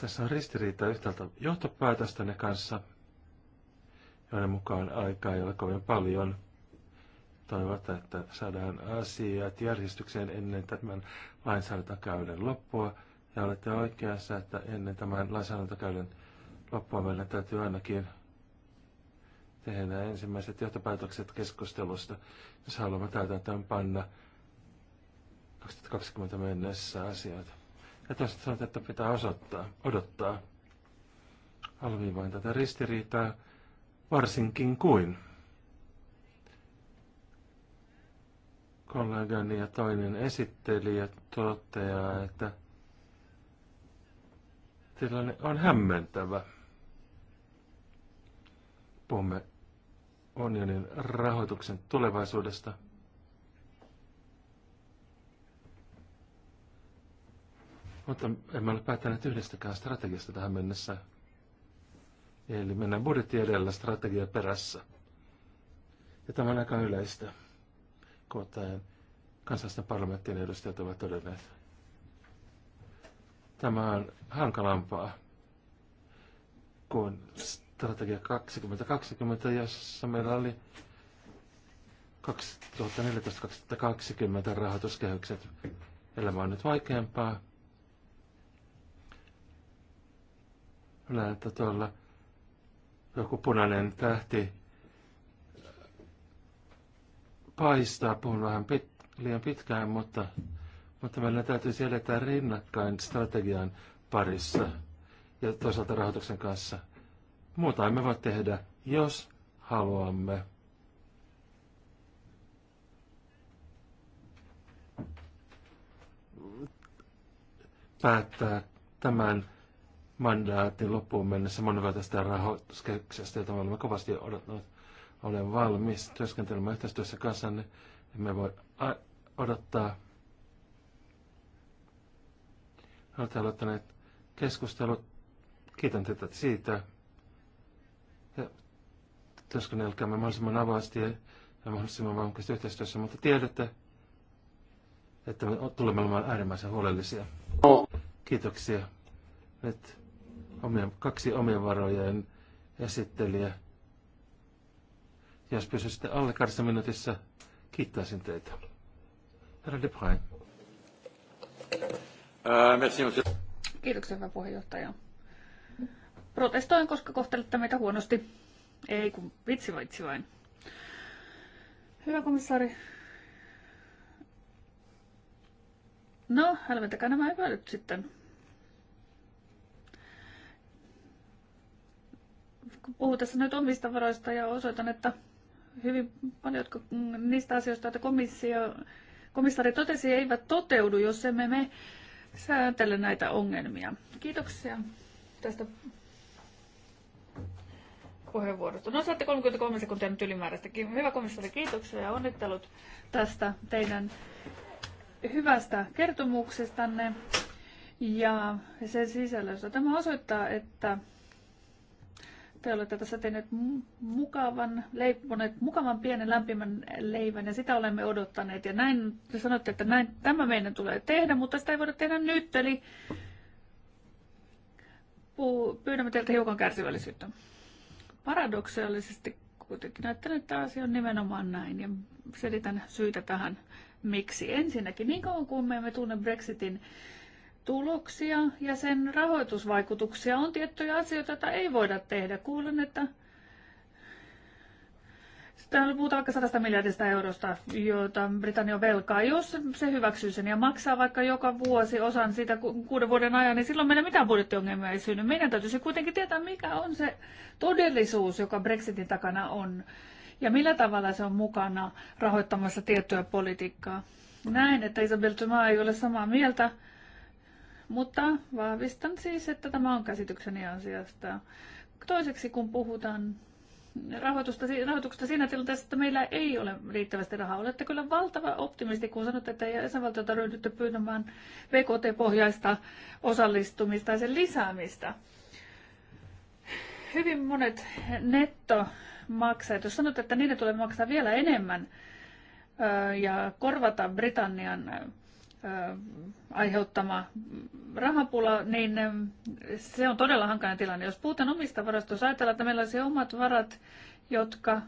tässä on ristiriita yhtäältä ne kanssa, joiden mukaan aikaa ei ole kovin paljon. Toivotaan, että saadaan asiat järjestykseen ennen tämän lainsäädäntökäyden loppua ja olette oikeassa, että ennen tämän lainsäädäntökäyden loppua meillä täytyy ainakin tehdä ensimmäiset johtopäätökset keskustelusta, jos haluamme tämän panna 2020 mennessä asioita. Ja tästä sanotaan, että pitää osoittaa, odottaa alviivain tätä ristiriitaa, varsinkin kuin kollegani ja toinen esittelijä toteaa, että Tilanne on hämmentävä. Puhumme unionin rahoituksen tulevaisuudesta. Mutta emme ole päättäneet yhdestäkään strategiasta tähän mennessä. Eli mennään budjetti edellä strategia perässä. Ja tämä on aika yleistä, kuten kansallisten parlamenttien edustajat ovat todenneet. Tämä on hankalampaa kuin strategia 2020, jossa meillä oli 2014-2020 rahoituskehykset. Elämä on nyt vaikeampaa. Näyttää tuolla joku punainen tähti paistaa. Puhun vähän pit, liian pitkään, mutta mutta meillä täytyy siellä rinnakkain strategian parissa ja toisaalta rahoituksen kanssa. Muuta emme voi tehdä, jos haluamme. päättää tämän mandaatin loppuun mennessä monivuotisesta rahoituskehyksestä, jota me olemme kovasti odottaneet. Olen valmis työskentelemään yhteistyössä kanssanne. Emme voi odottaa Olette aloittaneet keskustelut. Kiitän teitä siitä. Ja työskennelkäämme mahdollisimman avaasti ja, mahdollisimman vahvasti yhteistyössä, mutta tiedätte, että me tulemme olemaan äärimmäisen huolellisia. Kiitoksia. Nyt omien, kaksi omien varojen esittelijä. Jos pysyisitte alle kahdessa minuutissa, kiittäisin teitä. Herra you. Äh, Kiitoksia, hyvä puheenjohtaja. Protestoin, koska kohtelette meitä huonosti. Ei kun vitsi vitsi vain. Hyvä komissaari. No, hälventäkää nämä epäilyt sitten. Kun puhun tässä nyt omista varoista ja osoitan, että hyvin paljon niistä asioista, joita komissio, komissaari totesi, eivät toteudu, jos emme me säätellä näitä ongelmia. Kiitoksia tästä puheenvuorosta. No saatte 33 sekuntia nyt ylimääräistäkin. Hyvä komissaari, kiitoksia ja onnittelut tästä teidän hyvästä kertomuksestanne ja sen sisällöstä. Tämä osoittaa, että te olette tässä tehneet mukavan, leiponeet mukavan pienen lämpimän leivän ja sitä olemme odottaneet. Ja näin te sanotte, että näin tämä meidän tulee tehdä, mutta sitä ei voida tehdä nyt. Eli pyydämme teiltä hiukan kärsivällisyyttä. Paradoksaalisesti kuitenkin näyttää, että asia on nimenomaan näin ja selitän syitä tähän miksi. Ensinnäkin niin kauan kuin me emme tunne Brexitin tuloksia ja sen rahoitusvaikutuksia. On tiettyjä asioita, joita ei voida tehdä. Kuulen, että Täällä puhutaan vaikka 100 miljardista eurosta, jota Britannia velkaa. Jos se hyväksyy sen ja maksaa vaikka joka vuosi osan siitä kuuden vuoden ajan, niin silloin meidän mitään budjettiongelmia ei synny. Meidän täytyisi kuitenkin tietää, mikä on se todellisuus, joka Brexitin takana on ja millä tavalla se on mukana rahoittamassa tiettyä politiikkaa. Näin, että Isabel Tumaa ei ole samaa mieltä. Mutta vahvistan siis, että tämä on käsitykseni asiasta. Toiseksi, kun puhutaan rahoitusta, rahoituksesta siinä tilanteessa, että meillä ei ole riittävästi rahaa. Olette kyllä valtava optimisti, kun sanotte, että jäsenvaltiota ryhdytty pyytämään VKT-pohjaista osallistumista ja sen lisäämistä. Hyvin monet nettomaksajat, jos sanotte, että niiden tulee maksaa vielä enemmän ja korvata Britannian aiheuttama rahapula, niin se on todella hankala tilanne. Jos puhutaan omista varoista, jos ajatellaan, että meillä olisi omat varat, jotka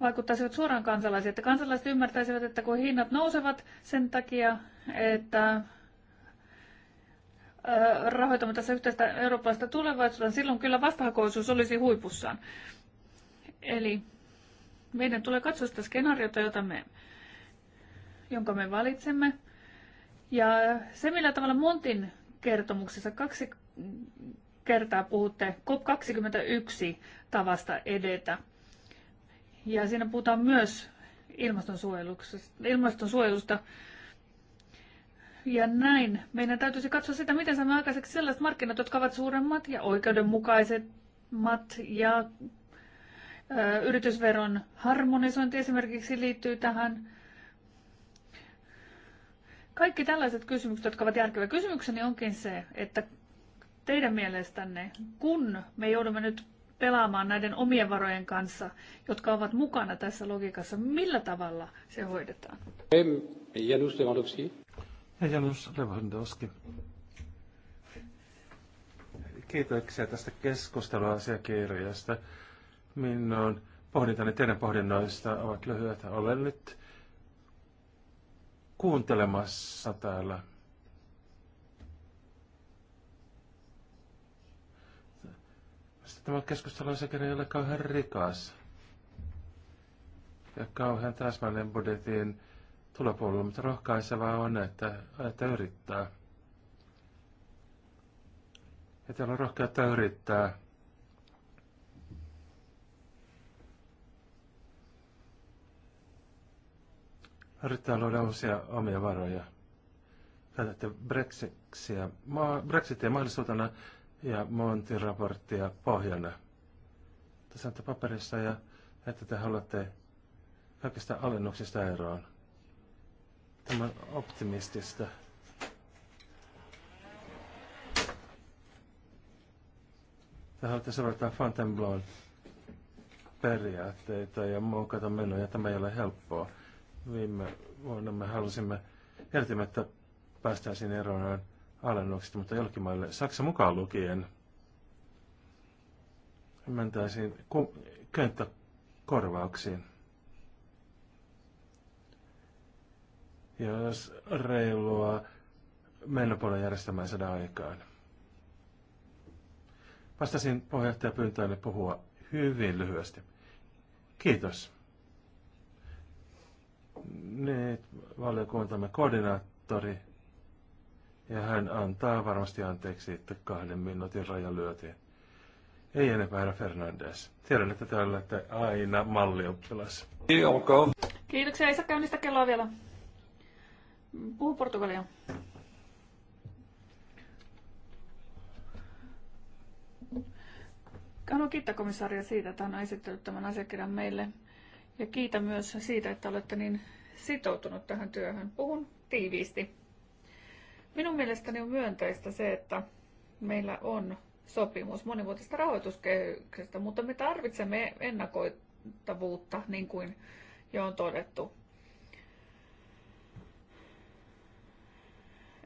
vaikuttaisivat suoraan kansalaisiin, että kansalaiset ymmärtäisivät, että kun hinnat nousevat sen takia, että rahoitamme tässä yhteistä eurooppalaista tulevaisuutta, silloin kyllä vastahakoisuus olisi huipussaan. Eli meidän tulee katsoa sitä skenaariota, jota me jonka me valitsemme. Ja se, millä tavalla Montin kertomuksessa kaksi kertaa puhutte COP21 tavasta edetä. Ja siinä puhutaan myös ilmastonsuojelusta. Ja näin. Meidän täytyisi katsoa sitä, miten saamme aikaiseksi sellaiset markkinat, jotka ovat suuremmat ja oikeudenmukaisemmat ja yritysveron harmonisointi esimerkiksi liittyy tähän. Kaikki tällaiset kysymykset, jotka ovat järkeviä. Kysymykseni onkin se, että teidän mielestänne, kun me joudumme nyt pelaamaan näiden omien varojen kanssa, jotka ovat mukana tässä logiikassa, millä tavalla se hoidetaan? Janus Lewandowski. Janus Lewandowski. Kiitoksia tästä keskustelua asiakirjasta. Minun pohdintani teidän pohdinnoista ovat lyhyet. Olen nyt kuuntelemassa täällä. Tämä keskustelu on sekin ei ole kauhean rikas ja kauhean täsmälleen budjetin tulopuolella, mutta rohkaisevaa on, että, että yrittää. Ja teillä on rohkeutta yrittää. yrittää luoda uusia omia varoja. Käytätte Brexitia, Brexitia mahdollisuutena ja Montin raporttia pohjana. Te sanotte paperissa, ja, että te haluatte kaikista alennuksista eroon. Tämä on optimistista. Te haluatte soveltaa Fontainebleau periaatteita ja muokata menoja. Tämä ei ole helppoa Viime vuonna me halusimme päästä sinne eroon alennuksista, mutta jälkimaille, Saksa mukaan lukien, mentäisiin könttäkorvauksiin. Jos reilua menopuolen järjestämään saada aikaan. Vastasin puheenjohtaja pyyntöönne puhua hyvin lyhyesti. Kiitos. Nyt valiokuntamme koordinaattori, ja hän antaa varmasti anteeksi, että kahden minuutin raja lyötiin. Ei enempää, herra Fernandes. Tiedän, että te olette aina mallioppilas. Niin, Kiitoksia, ei saa käynnistä kelloa vielä. Puhu portugalia. Haluan kiittää komissaaria siitä, että hän on esittänyt tämän asiakirjan meille. Ja kiitän myös siitä, että olette niin sitoutunut tähän työhön. Puhun tiiviisti. Minun mielestäni on myönteistä se, että meillä on sopimus monivuotisesta rahoituskehyksestä, mutta me tarvitsemme ennakoitavuutta, niin kuin jo on todettu.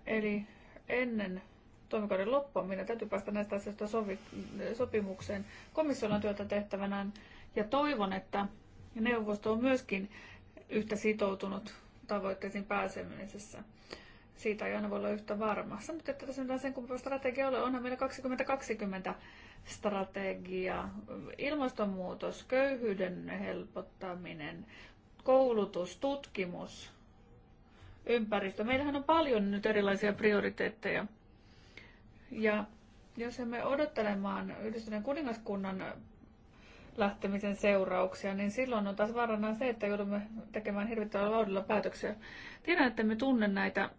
Eli ennen toimikauden loppua meidän täytyy päästä näistä asioista sovi, sopimukseen. Komissiolla on työtä tehtävänään ja toivon, että ja neuvosto on myöskin yhtä sitoutunut tavoitteisiin pääsemisessä. Siitä ei aina voi olla yhtä varma. Sanoit, että tässä sen kummempaa strategia ole. Onhan meillä 2020 strategia, ilmastonmuutos, köyhyyden helpottaminen, koulutus, tutkimus, ympäristö. Meillähän on paljon nyt erilaisia prioriteetteja. Ja jos emme odottelemaan yhdistyneen kuningaskunnan lähtemisen seurauksia, niin silloin on taas varana se, että joudumme tekemään hirvittävällä vauhdilla päätöksiä. Tiedän, että me tunne näitä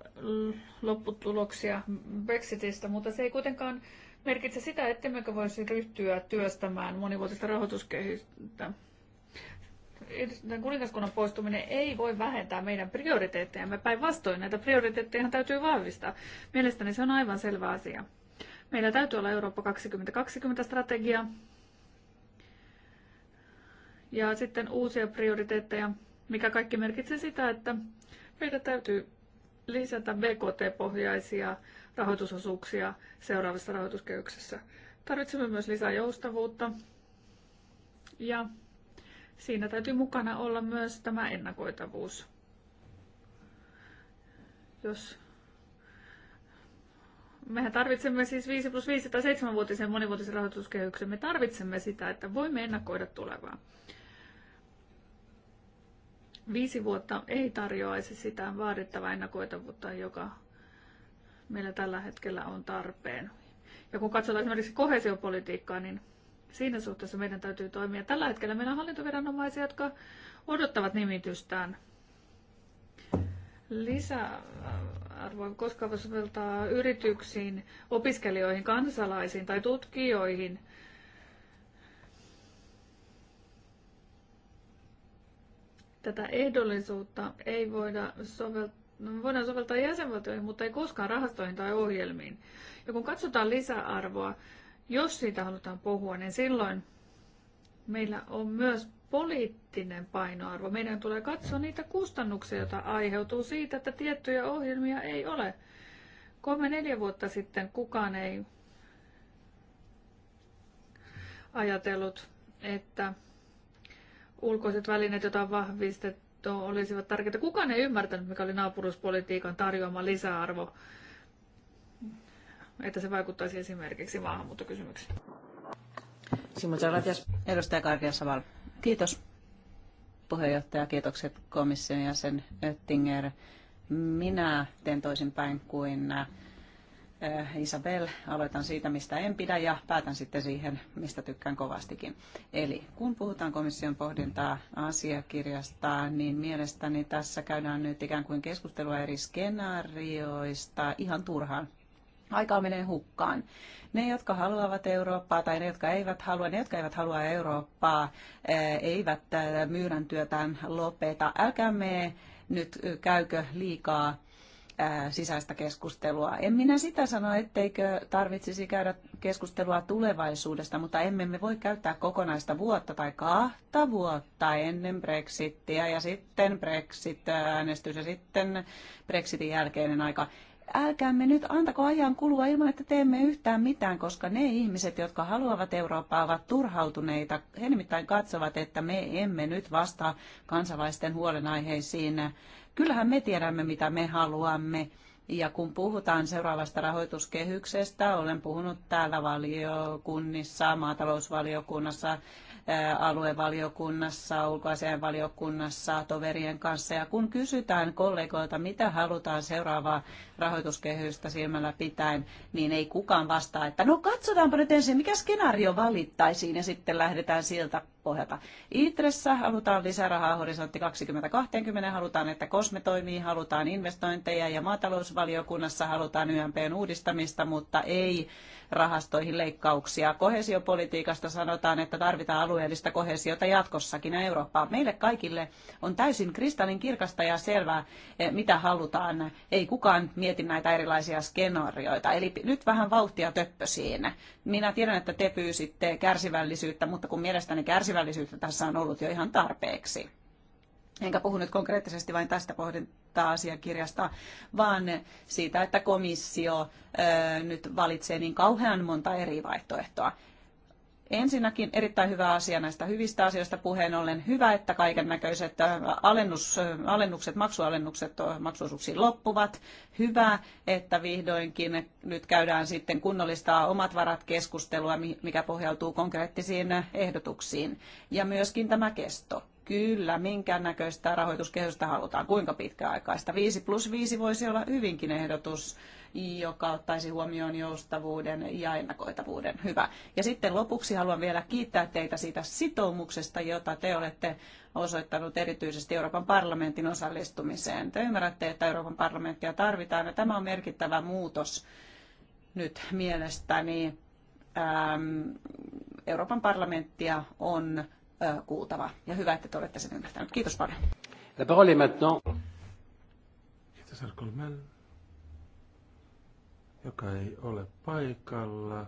lopputuloksia Brexitistä, mutta se ei kuitenkaan merkitse sitä, ettemmekö voisi ryhtyä työstämään monivuotista rahoituskehystä. Tämän kuningaskunnan poistuminen ei voi vähentää meidän Me Päinvastoin näitä prioriteetteja täytyy vahvistaa. Mielestäni se on aivan selvä asia. Meillä täytyy olla Eurooppa 2020-strategia, ja sitten uusia prioriteetteja, mikä kaikki merkitsee sitä, että meidän täytyy lisätä BKT-pohjaisia rahoitusosuuksia seuraavassa rahoituskehyksessä. Tarvitsemme myös lisää joustavuutta ja siinä täytyy mukana olla myös tämä ennakoitavuus. Jos Mehän tarvitsemme siis 5 plus 5 tai 7-vuotisen monivuotisen rahoituskehyksen. Me tarvitsemme sitä, että voimme ennakoida tulevaa. Viisi vuotta ei tarjoaisi sitä vaadittavaa ennakoitavuutta, joka meillä tällä hetkellä on tarpeen. Ja kun katsotaan esimerkiksi kohesiopolitiikkaa, niin siinä suhteessa meidän täytyy toimia. Tällä hetkellä meillä on hallintoviranomaisia, jotka odottavat nimitystään. Lisäarvoa koska soveltaa yrityksiin, opiskelijoihin, kansalaisiin tai tutkijoihin – Tätä ehdollisuutta ei voida soveltaa no, voidaan soveltaa jäsenvaltioihin, mutta ei koskaan rahastoihin tai ohjelmiin. Ja kun katsotaan lisäarvoa, jos siitä halutaan puhua, niin silloin meillä on myös poliittinen painoarvo. Meidän tulee katsoa niitä kustannuksia, joita aiheutuu siitä, että tiettyjä ohjelmia ei ole. Kolme-neljä vuotta sitten kukaan ei ajatellut, että ulkoiset välineet, joita on vahvistettu, olisivat tärkeitä. Kukaan ei ymmärtänyt, mikä oli naapuruspolitiikan tarjoama lisäarvo, että se vaikuttaisi esimerkiksi maahanmuuttokysymyksiin. Simo gracias. Edustaja Karkia Kiitos puheenjohtaja, kiitokset komission jäsen Oettinger. Minä teen toisinpäin kuin äh, Eh, Isabel, aloitan siitä, mistä en pidä ja päätän sitten siihen, mistä tykkään kovastikin. Eli kun puhutaan komission pohdintaa asiakirjasta, niin mielestäni tässä käydään nyt ikään kuin keskustelua eri skenaarioista ihan turhaan. Aikaa menee hukkaan. Ne, jotka haluavat Eurooppaa tai ne, jotka eivät halua, ne, jotka eivät halua Eurooppaa, eh, eivät eh, myyrän työtään lopeta. Älkää me nyt käykö liikaa sisäistä keskustelua. En minä sitä sano, etteikö tarvitsisi käydä keskustelua tulevaisuudesta, mutta emme me voi käyttää kokonaista vuotta tai kahta vuotta ennen Brexittiä ja sitten Brexit-äänestys ja sitten Brexitin jälkeinen aika älkäämme nyt antako ajan kulua ilman, että teemme yhtään mitään, koska ne ihmiset, jotka haluavat Eurooppaa, ovat turhautuneita. He nimittäin katsovat, että me emme nyt vastaa kansalaisten huolenaiheisiin. Kyllähän me tiedämme, mitä me haluamme. Ja kun puhutaan seuraavasta rahoituskehyksestä, olen puhunut täällä valiokunnissa, maatalousvaliokunnassa, aluevaliokunnassa, ulkoasianvaliokunnassa, toverien kanssa. Ja kun kysytään kollegoilta, mitä halutaan seuraavaa rahoituskehystä silmällä pitäen, niin ei kukaan vastaa, että no katsotaanpa nyt ensin, mikä skenaario valittaisiin ja sitten lähdetään siltä pohjalta. Itressä halutaan lisärahaa horisontti 2020, halutaan, että kosme toimii, halutaan investointeja ja maatalousvaliokunnassa halutaan YMPn uudistamista, mutta ei rahastoihin leikkauksia. Kohesiopolitiikasta sanotaan, että tarvitaan alueellista kohesiota jatkossakin ja Eurooppaan. Meille kaikille on täysin kristallin kirkasta ja selvää, eh, mitä halutaan. Ei kukaan mieti näitä erilaisia skenaarioita. Eli nyt vähän vauhtia töppösiin. Minä tiedän, että te pyysitte kärsivällisyyttä, mutta kun mielestäni kärsivällisyyttä tässä on ollut jo ihan tarpeeksi enkä puhu nyt konkreettisesti vain tästä pohdintaa asiakirjasta, vaan siitä, että komissio nyt valitsee niin kauhean monta eri vaihtoehtoa. Ensinnäkin erittäin hyvä asia näistä hyvistä asioista puheen ollen. Hyvä, että kaiken näköiset alennus, alennukset, maksualennukset maksuosuuksiin loppuvat. Hyvä, että vihdoinkin nyt käydään sitten kunnollista omat varat keskustelua, mikä pohjautuu konkreettisiin ehdotuksiin. Ja myöskin tämä kesto kyllä, näköistä rahoituskehystä halutaan, kuinka pitkäaikaista. 5 plus 5 voisi olla hyvinkin ehdotus, joka ottaisi huomioon joustavuuden ja ennakoitavuuden. Hyvä. Ja sitten lopuksi haluan vielä kiittää teitä siitä sitoumuksesta, jota te olette osoittanut erityisesti Euroopan parlamentin osallistumiseen. Te ymmärrätte, että Euroopan parlamenttia tarvitaan ja tämä on merkittävä muutos nyt mielestäni. Euroopan parlamenttia on kuultava. Ja hyvä, että te olette sen ymmärtänyt. Kiitos paljon. La parole est maintenant. Kiitos Arkolmel, joka ei ole paikalla.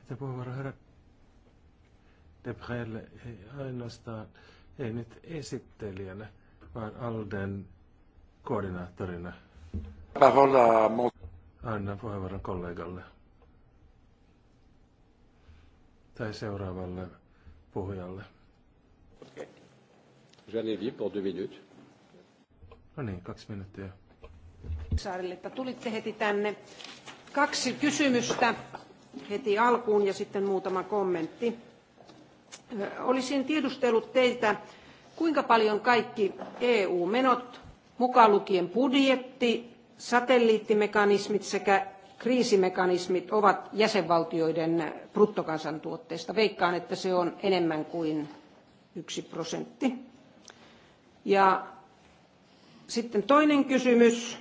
Että puheenvuoro herra Debrelle ei ainoastaan, ei nyt esittelijänä, vaan Alden koordinaattorina. Anna puheenvuoron kollegalle tai seuraavalle puhujalle. Okay. No niin, kaksi minuuttia. Saarille, että tulitte heti tänne. Kaksi kysymystä heti alkuun ja sitten muutama kommentti. Olisin tiedustellut teiltä, kuinka paljon kaikki EU-menot, mukaan lukien budjetti, satelliittimekanismit sekä kriisimekanismit ovat jäsenvaltioiden bruttokansantuotteesta. Veikkaan, että se on enemmän kuin yksi prosentti. Ja sitten toinen kysymys.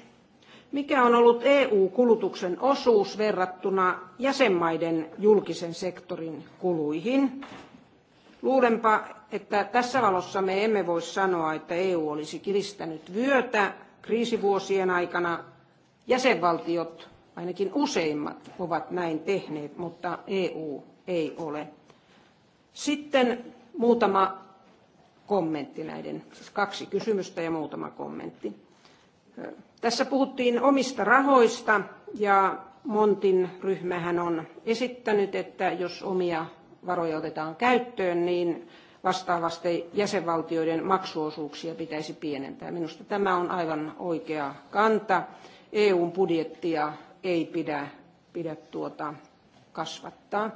Mikä on ollut EU-kulutuksen osuus verrattuna jäsenmaiden julkisen sektorin kuluihin? Luulenpa, että tässä valossa me emme voi sanoa, että EU olisi kiristänyt vyötä kriisivuosien aikana. Jäsenvaltiot ainakin useimmat ovat näin tehneet, mutta EU ei ole. Sitten muutama kommentti näiden, siis kaksi kysymystä ja muutama kommentti. Tässä puhuttiin omista rahoista ja Montin ryhmähän on esittänyt, että jos omia varoja otetaan käyttöön, niin vastaavasti jäsenvaltioiden maksuosuuksia pitäisi pienentää. Minusta tämä on aivan oikea kanta. EUn budjettia ei pidä, pidä tuota kasvattaa.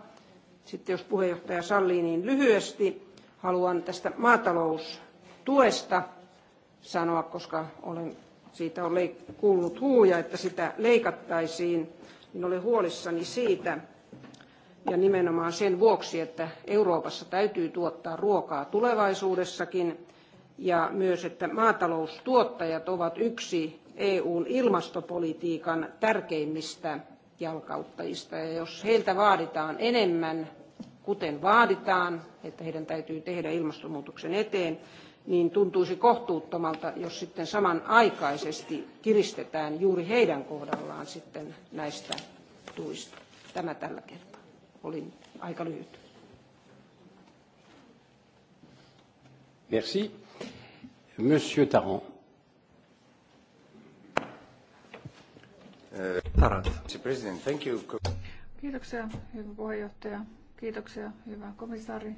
Sitten jos puheenjohtaja sallii, niin lyhyesti haluan tästä maataloustuesta sanoa, koska olen, siitä on leik- kuullut huuja, että sitä leikattaisiin, niin olen huolissani siitä, ja nimenomaan sen vuoksi, että Euroopassa täytyy tuottaa ruokaa tulevaisuudessakin ja myös, että maataloustuottajat ovat yksi EUn ilmastopolitiikan tärkeimmistä jalkauttajista. Ja jos heiltä vaaditaan enemmän, kuten vaaditaan, että heidän täytyy tehdä ilmastonmuutoksen eteen, niin tuntuisi kohtuuttomalta, jos sitten samanaikaisesti kiristetään juuri heidän kohdallaan sitten näistä tuista. Tämä tällä kertaa. Olin aika lyhyt. Merci. Monsieur Tarant. Kiitoksia, hyvä puheenjohtaja. Kiitoksia, hyvä komissaari,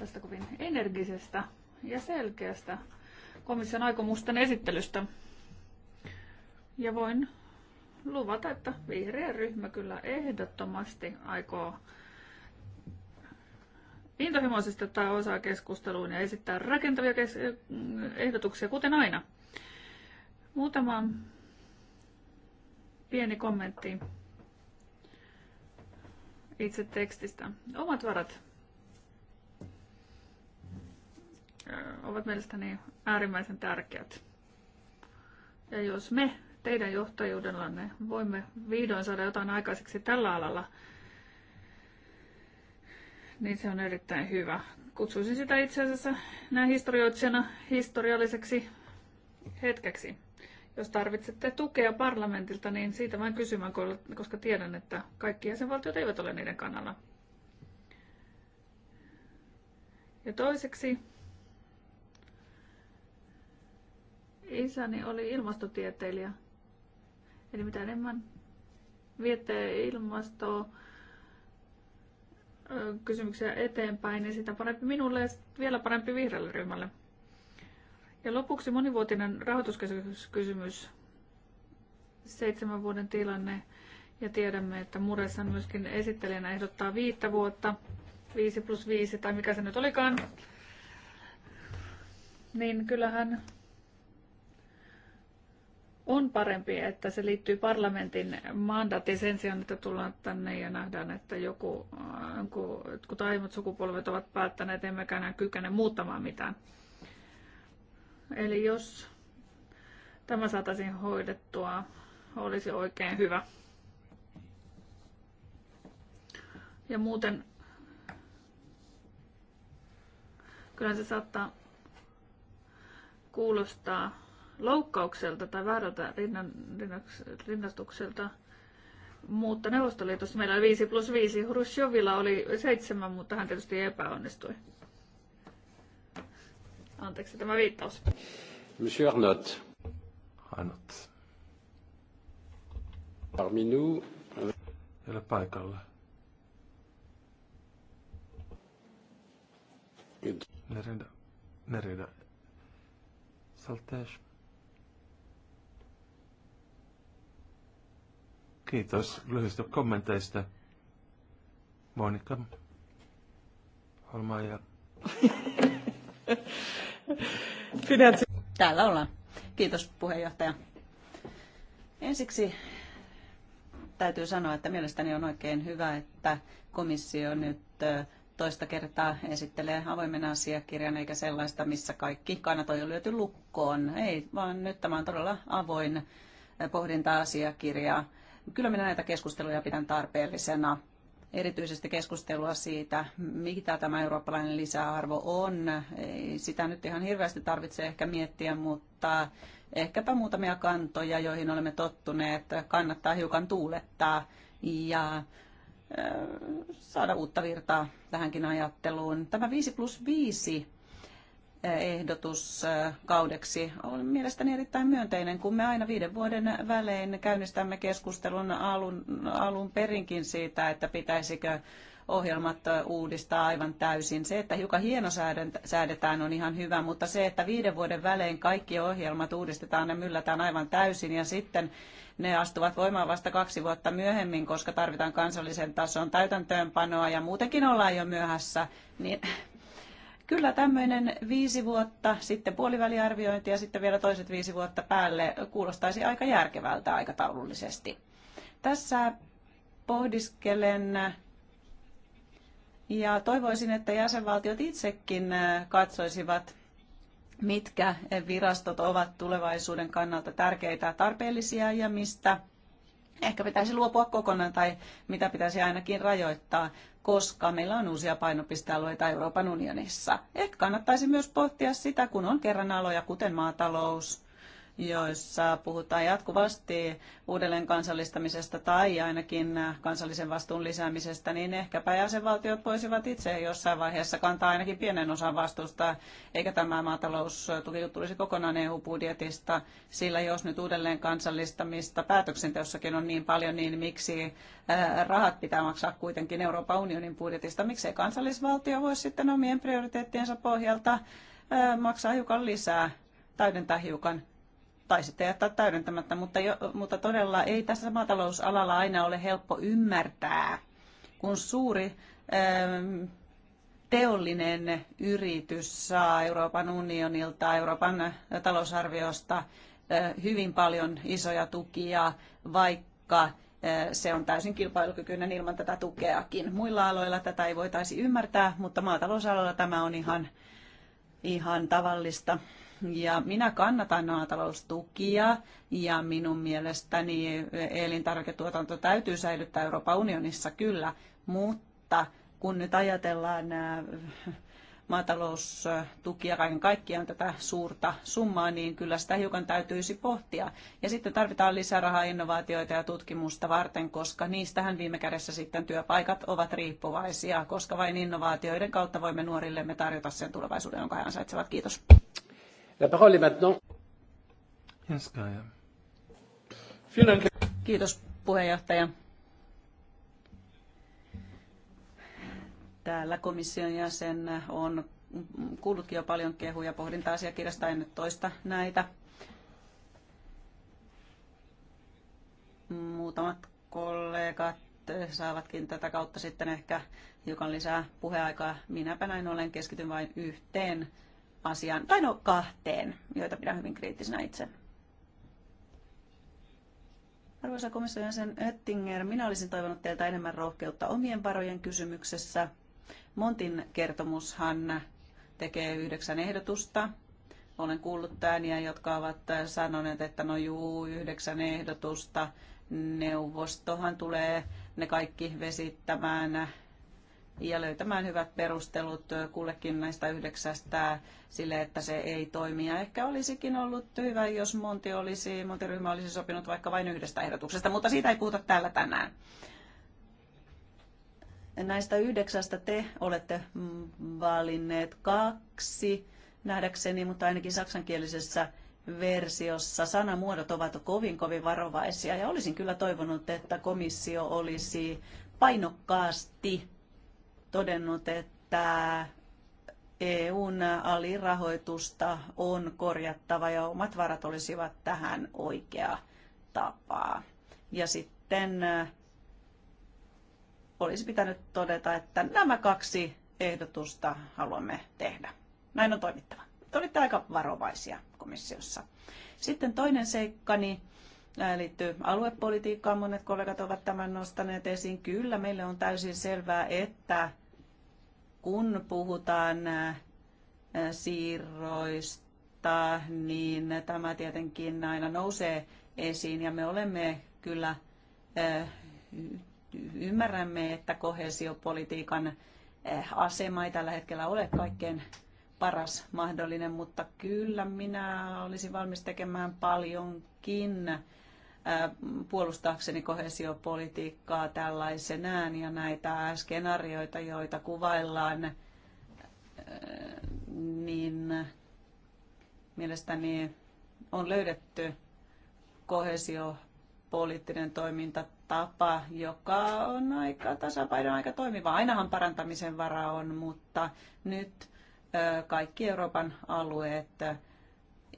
tästä kovin energisestä ja selkeästä komission aikomusten esittelystä. Ja voin luvata, että vihreä ryhmä kyllä ehdottomasti aikoo intohimoisesti ottaa osaa keskusteluun ja esittää rakentavia kes- ehdotuksia, kuten aina. Muutama pieni kommentti itse tekstistä. Omat varat ovat mielestäni äärimmäisen tärkeät. Ja jos me teidän johtajuudellanne voimme vihdoin saada jotain aikaiseksi tällä alalla, niin se on erittäin hyvä. Kutsuisin sitä itse asiassa näin historioitsijana historialliseksi hetkeksi. Jos tarvitsette tukea parlamentilta, niin siitä vain kysymään, koska tiedän, että kaikki jäsenvaltiot eivät ole niiden kannalla. Ja toiseksi isäni oli ilmastotieteilijä. Eli mitä enemmän viette ilmastoa, kysymyksiä eteenpäin, niin sitä parempi minulle ja vielä parempi vihreälle ryhmälle. Ja lopuksi monivuotinen rahoituskysymys, seitsemän vuoden tilanne. Ja tiedämme, että Muressa myöskin esittelijänä ehdottaa viittä vuotta, 5 plus 5 tai mikä se nyt olikaan. Niin kyllähän on parempi, että se liittyy parlamentin mandaattiin sen sijaan, että tullaan tänne ja nähdään, että joku, äh, kun aiemmat sukupolvet ovat päättäneet, emmekä enää kykene muuttamaan mitään. Eli jos tämä saataisiin hoidettua, olisi oikein hyvä. Ja muuten kyllä se saattaa kuulostaa loukkaukselta tai väärältä rinnan, rinnastukselta, mutta Neuvostoliitossa meillä oli 5 plus 5. Hrushchevilla oli 7, mutta hän tietysti epäonnistui. Anteeksi tämä viittaus. Monsieur Arnott. Arnott. Parmi nous. Ei paikalla. Nerida. Nerida. Saltes. Kiitos lyhyistä kommenteista. Monika. Holma ja... Finanssi. Täällä ollaan. Kiitos puheenjohtaja. Ensiksi täytyy sanoa, että mielestäni on oikein hyvä, että komissio nyt toista kertaa esittelee avoimen asiakirjan, eikä sellaista, missä kaikki kannat on jo lyöty lukkoon. Ei, vaan nyt tämä on todella avoin pohdinta-asiakirja. Kyllä minä näitä keskusteluja pidän tarpeellisena erityisesti keskustelua siitä, mitä tämä eurooppalainen lisäarvo on. Ei sitä nyt ihan hirveästi tarvitse ehkä miettiä, mutta ehkäpä muutamia kantoja, joihin olemme tottuneet, kannattaa hiukan tuulettaa ja saada uutta virtaa tähänkin ajatteluun. Tämä 5 plus 5 ehdotus kaudeksi on mielestäni erittäin myönteinen, kun me aina viiden vuoden välein käynnistämme keskustelun alun, alun perinkin siitä, että pitäisikö ohjelmat uudistaa aivan täysin. Se, että hiukan hieno säädetään on ihan hyvä, mutta se, että viiden vuoden välein kaikki ohjelmat uudistetaan ja myllätään aivan täysin ja sitten ne astuvat voimaan vasta kaksi vuotta myöhemmin, koska tarvitaan kansallisen tason täytäntöönpanoa ja muutenkin ollaan jo myöhässä, niin Kyllä tämmöinen viisi vuotta, sitten puoliväliarviointi ja sitten vielä toiset viisi vuotta päälle kuulostaisi aika järkevältä aikataulullisesti. Tässä pohdiskelen ja toivoisin, että jäsenvaltiot itsekin katsoisivat, mitkä virastot ovat tulevaisuuden kannalta tärkeitä ja tarpeellisia ja mistä ehkä pitäisi luopua kokonaan tai mitä pitäisi ainakin rajoittaa, koska meillä on uusia painopistealueita Euroopan unionissa. Ehkä kannattaisi myös pohtia sitä, kun on kerran aloja, kuten maatalous, joissa puhutaan jatkuvasti uudelleen kansallistamisesta tai ainakin kansallisen vastuun lisäämisestä, niin ehkäpä jäsenvaltiot voisivat itse jossain vaiheessa kantaa ainakin pienen osan vastuusta, eikä tämä maataloustuki tulisi kokonaan EU-budjetista, sillä jos nyt uudelleen kansallistamista päätöksenteossakin on niin paljon, niin miksi rahat pitää maksaa kuitenkin Euroopan unionin budjetista, miksei kansallisvaltio voi sitten omien prioriteettiensa pohjalta maksaa hiukan lisää, täydentää hiukan sitten jättää täydentämättä, mutta, jo, mutta todella ei tässä maatalousalalla aina ole helppo ymmärtää, kun suuri ähm, teollinen yritys saa Euroopan unionilta, Euroopan äh, talousarviosta äh, hyvin paljon isoja tukia, vaikka äh, se on täysin kilpailukykyinen ilman tätä tukeakin. Muilla aloilla tätä ei voitaisi ymmärtää, mutta maatalousalalla tämä on ihan, ihan tavallista. Ja minä kannatan maataloustukia ja minun mielestäni elintarviketuotanto täytyy säilyttää Euroopan unionissa kyllä, mutta kun nyt ajatellaan maataloustukia kaiken kaikkiaan tätä suurta summaa, niin kyllä sitä hiukan täytyisi pohtia. Ja sitten tarvitaan lisärahaa innovaatioita ja tutkimusta varten, koska niistähän viime kädessä sitten työpaikat ovat riippuvaisia, koska vain innovaatioiden kautta voimme nuorillemme tarjota sen tulevaisuuden, jonka he ansaitsevat. Kiitos. La parole est maintenant. Jenskaja. Kiitos puheenjohtaja. Täällä komission jäsen on kuullutkin jo paljon kehuja pohdinta-asiakirjasta, en nyt toista näitä. Muutamat kollegat saavatkin tätä kautta sitten ehkä hiukan lisää puheaikaa. Minäpä näin olen, keskityn vain yhteen asiaan, tai no kahteen, joita pidän hyvin kriittisenä itse. Arvoisa komission jäsen Oettinger, minä olisin toivonut teiltä enemmän rohkeutta omien varojen kysymyksessä. Montin kertomushan tekee yhdeksän ehdotusta. Olen kuullut tääniä, jotka ovat sanoneet, että no juu, yhdeksän ehdotusta. Neuvostohan tulee ne kaikki vesittämään ja löytämään hyvät perustelut kullekin näistä yhdeksästä sille, että se ei toimi. Ja ehkä olisikin ollut hyvä, jos Monti olisi, Montiryhmä olisi sopinut vaikka vain yhdestä ehdotuksesta, mutta siitä ei puhuta täällä tänään. Näistä yhdeksästä te olette valinneet kaksi nähdäkseni, mutta ainakin saksankielisessä versiossa sanamuodot ovat kovin kovin varovaisia ja olisin kyllä toivonut, että komissio olisi painokkaasti todennut, että EUn alirahoitusta on korjattava ja omat varat olisivat tähän oikea tapaa. Ja sitten äh, olisi pitänyt todeta, että nämä kaksi ehdotusta haluamme tehdä. Näin on toimittava. Te olitte aika varovaisia komissiossa. Sitten toinen seikkani. Niin Äh, liittyy aluepolitiikkaan. Monet kollegat ovat tämän nostaneet esiin. Kyllä, meille on täysin selvää, että kun puhutaan äh, siirroista, niin tämä tietenkin aina nousee esiin ja me olemme kyllä äh, ymmärrämme, että kohesiopolitiikan asema ei tällä hetkellä ole kaikkein paras mahdollinen, mutta kyllä minä olisin valmis tekemään paljonkin puolustaakseni kohesiopolitiikkaa tällaisenään ja näitä skenaarioita, joita kuvaillaan, niin mielestäni on löydetty kohesiopoliittinen toimintatapa, joka on aika tasapainoinen, aika toimiva. Ainahan parantamisen vara on, mutta nyt kaikki Euroopan alueet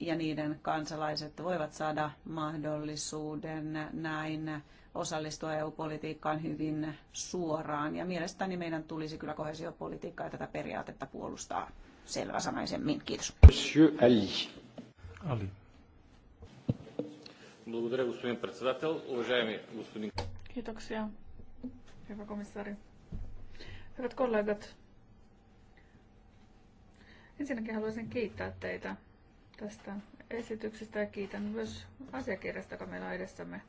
ja niiden kansalaiset voivat saada mahdollisuuden näin osallistua EU-politiikkaan hyvin suoraan. Ja mielestäni meidän tulisi kyllä kohesiopolitiikkaa ja tätä periaatetta puolustaa selväsanaisemmin. Kiitos. Monsieur Ali. Ali. Kiitoksia, hyvä komissaari. Hyvät kollegat, ensinnäkin haluaisin kiittää teitä tästä esityksestä ja kiitän myös asiakirjasta, joka meillä on edessämme.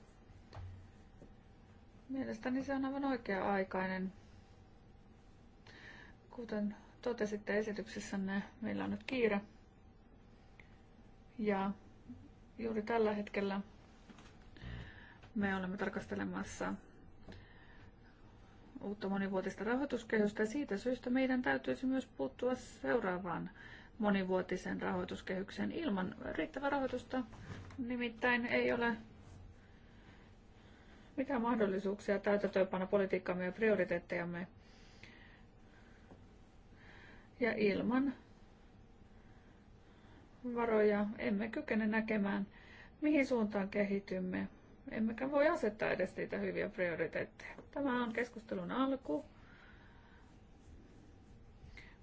Mielestäni se on aivan oikea-aikainen. Kuten totesitte esityksessänne, meillä on nyt kiire. Ja juuri tällä hetkellä me olemme tarkastelemassa uutta monivuotista rahoituskehystä ja siitä syystä meidän täytyisi myös puuttua seuraavaan monivuotisen rahoituskehyksen ilman riittävää rahoitusta. Nimittäin ei ole mitään mahdollisuuksia täytäntöönpana politiikkamme ja prioriteettejamme. Ja ilman varoja emme kykene näkemään, mihin suuntaan kehitymme. Emmekä voi asettaa edes niitä hyviä prioriteetteja. Tämä on keskustelun alku.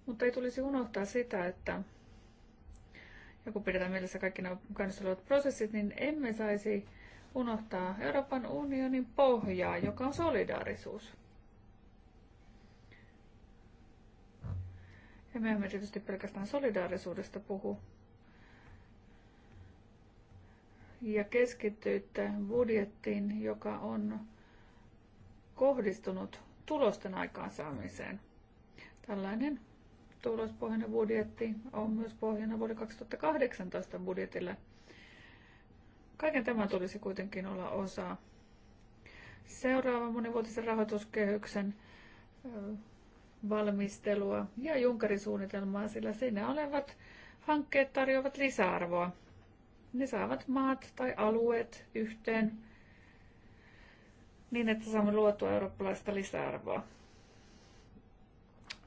Mutta ei tulisi unohtaa sitä, että ja kun pidetään mielessä kaikki nämä käynnissä olevat prosessit, niin emme saisi unohtaa Euroopan unionin pohjaa, joka on solidaarisuus. Ja me emme tietysti pelkästään solidaarisuudesta puhu. Ja keskittyitte budjettiin, joka on kohdistunut tulosten aikaansaamiseen. Tällainen tulospohjainen budjetti on myös pohjana vuoden 2018 budjetille. Kaiken tämän tulisi kuitenkin olla osa seuraavan monivuotisen rahoituskehyksen valmistelua ja Junkerin suunnitelmaa, sillä siinä olevat hankkeet tarjoavat lisäarvoa. Ne saavat maat tai alueet yhteen niin, että saamme luotua eurooppalaista lisäarvoa.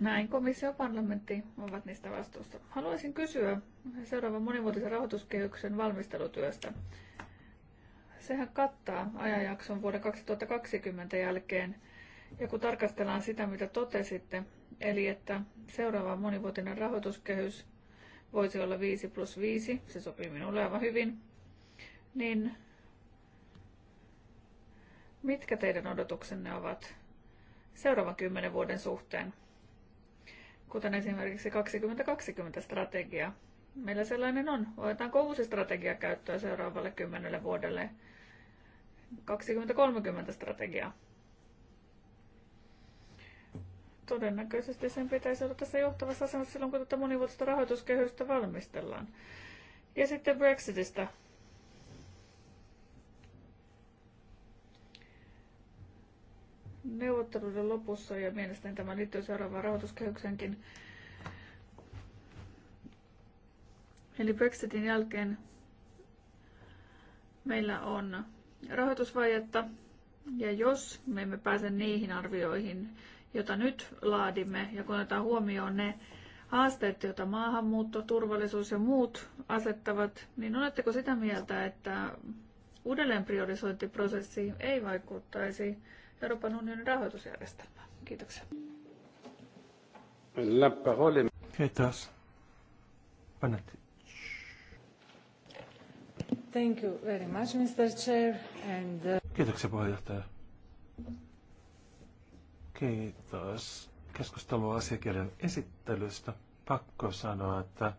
Näin komissio ja parlamentti ovat niistä vastuussa. Haluaisin kysyä seuraavan monivuotisen rahoituskehyksen valmistelutyöstä. Sehän kattaa ajanjakson vuoden 2020 jälkeen. Ja kun tarkastellaan sitä, mitä totesitte, eli että seuraava monivuotinen rahoituskehys voisi olla 5 plus 5, se sopii minulle aivan hyvin, niin mitkä teidän odotuksenne ovat seuraavan kymmenen vuoden suhteen? kuten esimerkiksi 2020-strategia. Meillä sellainen on. Otetaanko uusi strategia käyttöön seuraavalle kymmenelle vuodelle? 2030-strategia. Todennäköisesti sen pitäisi olla tässä johtavassa asemassa silloin, kun tätä monivuotista rahoituskehystä valmistellaan. Ja sitten Brexitistä neuvotteluiden lopussa ja mielestäni tämä liittyy seuraavaan rahoituskehykseenkin. Eli Brexitin jälkeen meillä on rahoitusvajetta ja jos me emme pääse niihin arvioihin, joita nyt laadimme ja kun otetaan huomioon ne haasteet, joita maahanmuutto, turvallisuus ja muut asettavat, niin oletteko sitä mieltä, että uudelleenpriorisointiprosessi ei vaikuttaisi Euroopan unionin rahoitusjärjestelmää. Kiitoksia. La parole. Kiitos. Panetti. Thank you very much, Mr. Chair. And, uh... Kiitoksia puheenjohtaja. Kiitos keskustelua asiakirjan esittelystä. Pakko sanoa, että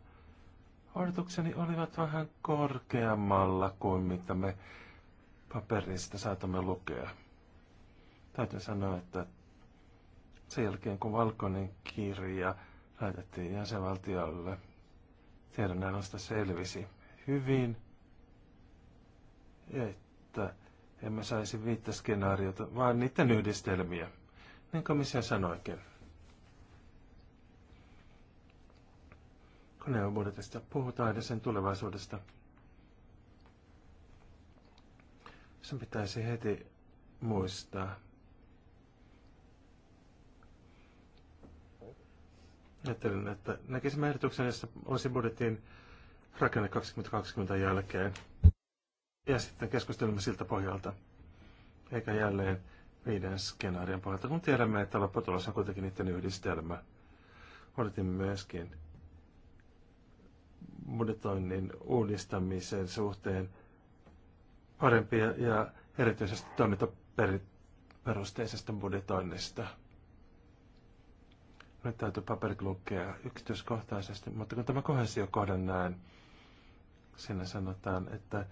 odotukseni olivat vähän korkeammalla kuin mitä me paperista saatamme lukea. Täytyy sanoa, että sen jälkeen kun valkoinen kirja laitettiin jäsenvaltiolle, tiedonannosta selvisi hyvin, että emme saisi viittä skenaariota, vaan niiden yhdistelmiä, niin komissio sanoikin. Kun EU-budjetista puhutaan ja sen tulevaisuudesta, sen pitäisi heti muistaa, Ajattelin, että näkisimme ehdotuksen, jossa olisi budjettiin rakenne 2020 jälkeen. Ja sitten keskustelemme siltä pohjalta. Eikä jälleen viiden skenaarion pohjalta, kun tiedämme, että lopputulos on kuitenkin niiden yhdistelmä. Odotin myöskin budjetoinnin uudistamisen suhteen parempia ja erityisesti toimintaperusteisesta budjetoinnista. Nyt täytyy paperit lukea yksityiskohtaisesti, mutta kun tämä kohesiokohdan näen, siinä sanotaan, että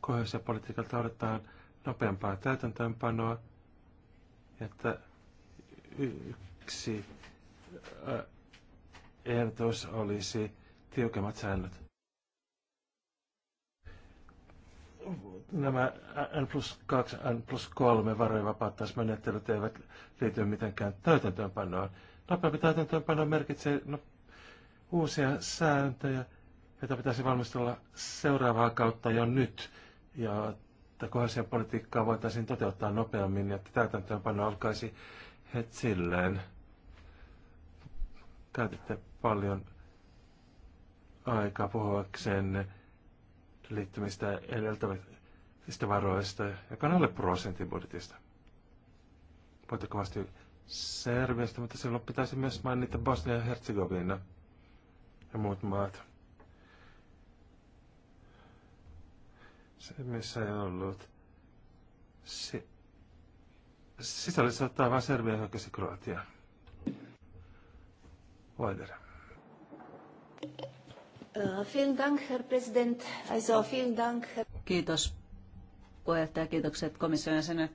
kohesiopolitiikalta odotetaan nopeampaa täytäntöönpanoa, että yksi ehdotus olisi tiukemmat säännöt nämä N plus 2, N plus 3 varojen vapauttaismenettelyt eivät liity mitenkään täytäntöönpanoon. Nopeampi täytäntöönpano merkitsee no, uusia sääntöjä, joita pitäisi valmistella seuraavaa kautta jo nyt, ja että kohdallisia politiikkaa voitaisiin toteuttaa nopeammin, ja että täytäntöönpano alkaisi heti silleen. Käytitte paljon aikaa puhuakseen liittymistä edeltävät niistä varoista, joka on alle prosentin budjetista. kovasti Serbiasta, mutta silloin pitäisi myös mainita Bosnia ja Herzegovina ja muut maat. Se, missä ei ollut si- sisällissota, vain Serbia hyökkäsi Kroatiaan. Weider. Äh, vielen Dank, Herr Präsident. Also, vielen Dank, Herr Kiitos puheenjohtaja, kiitokset komission jäsen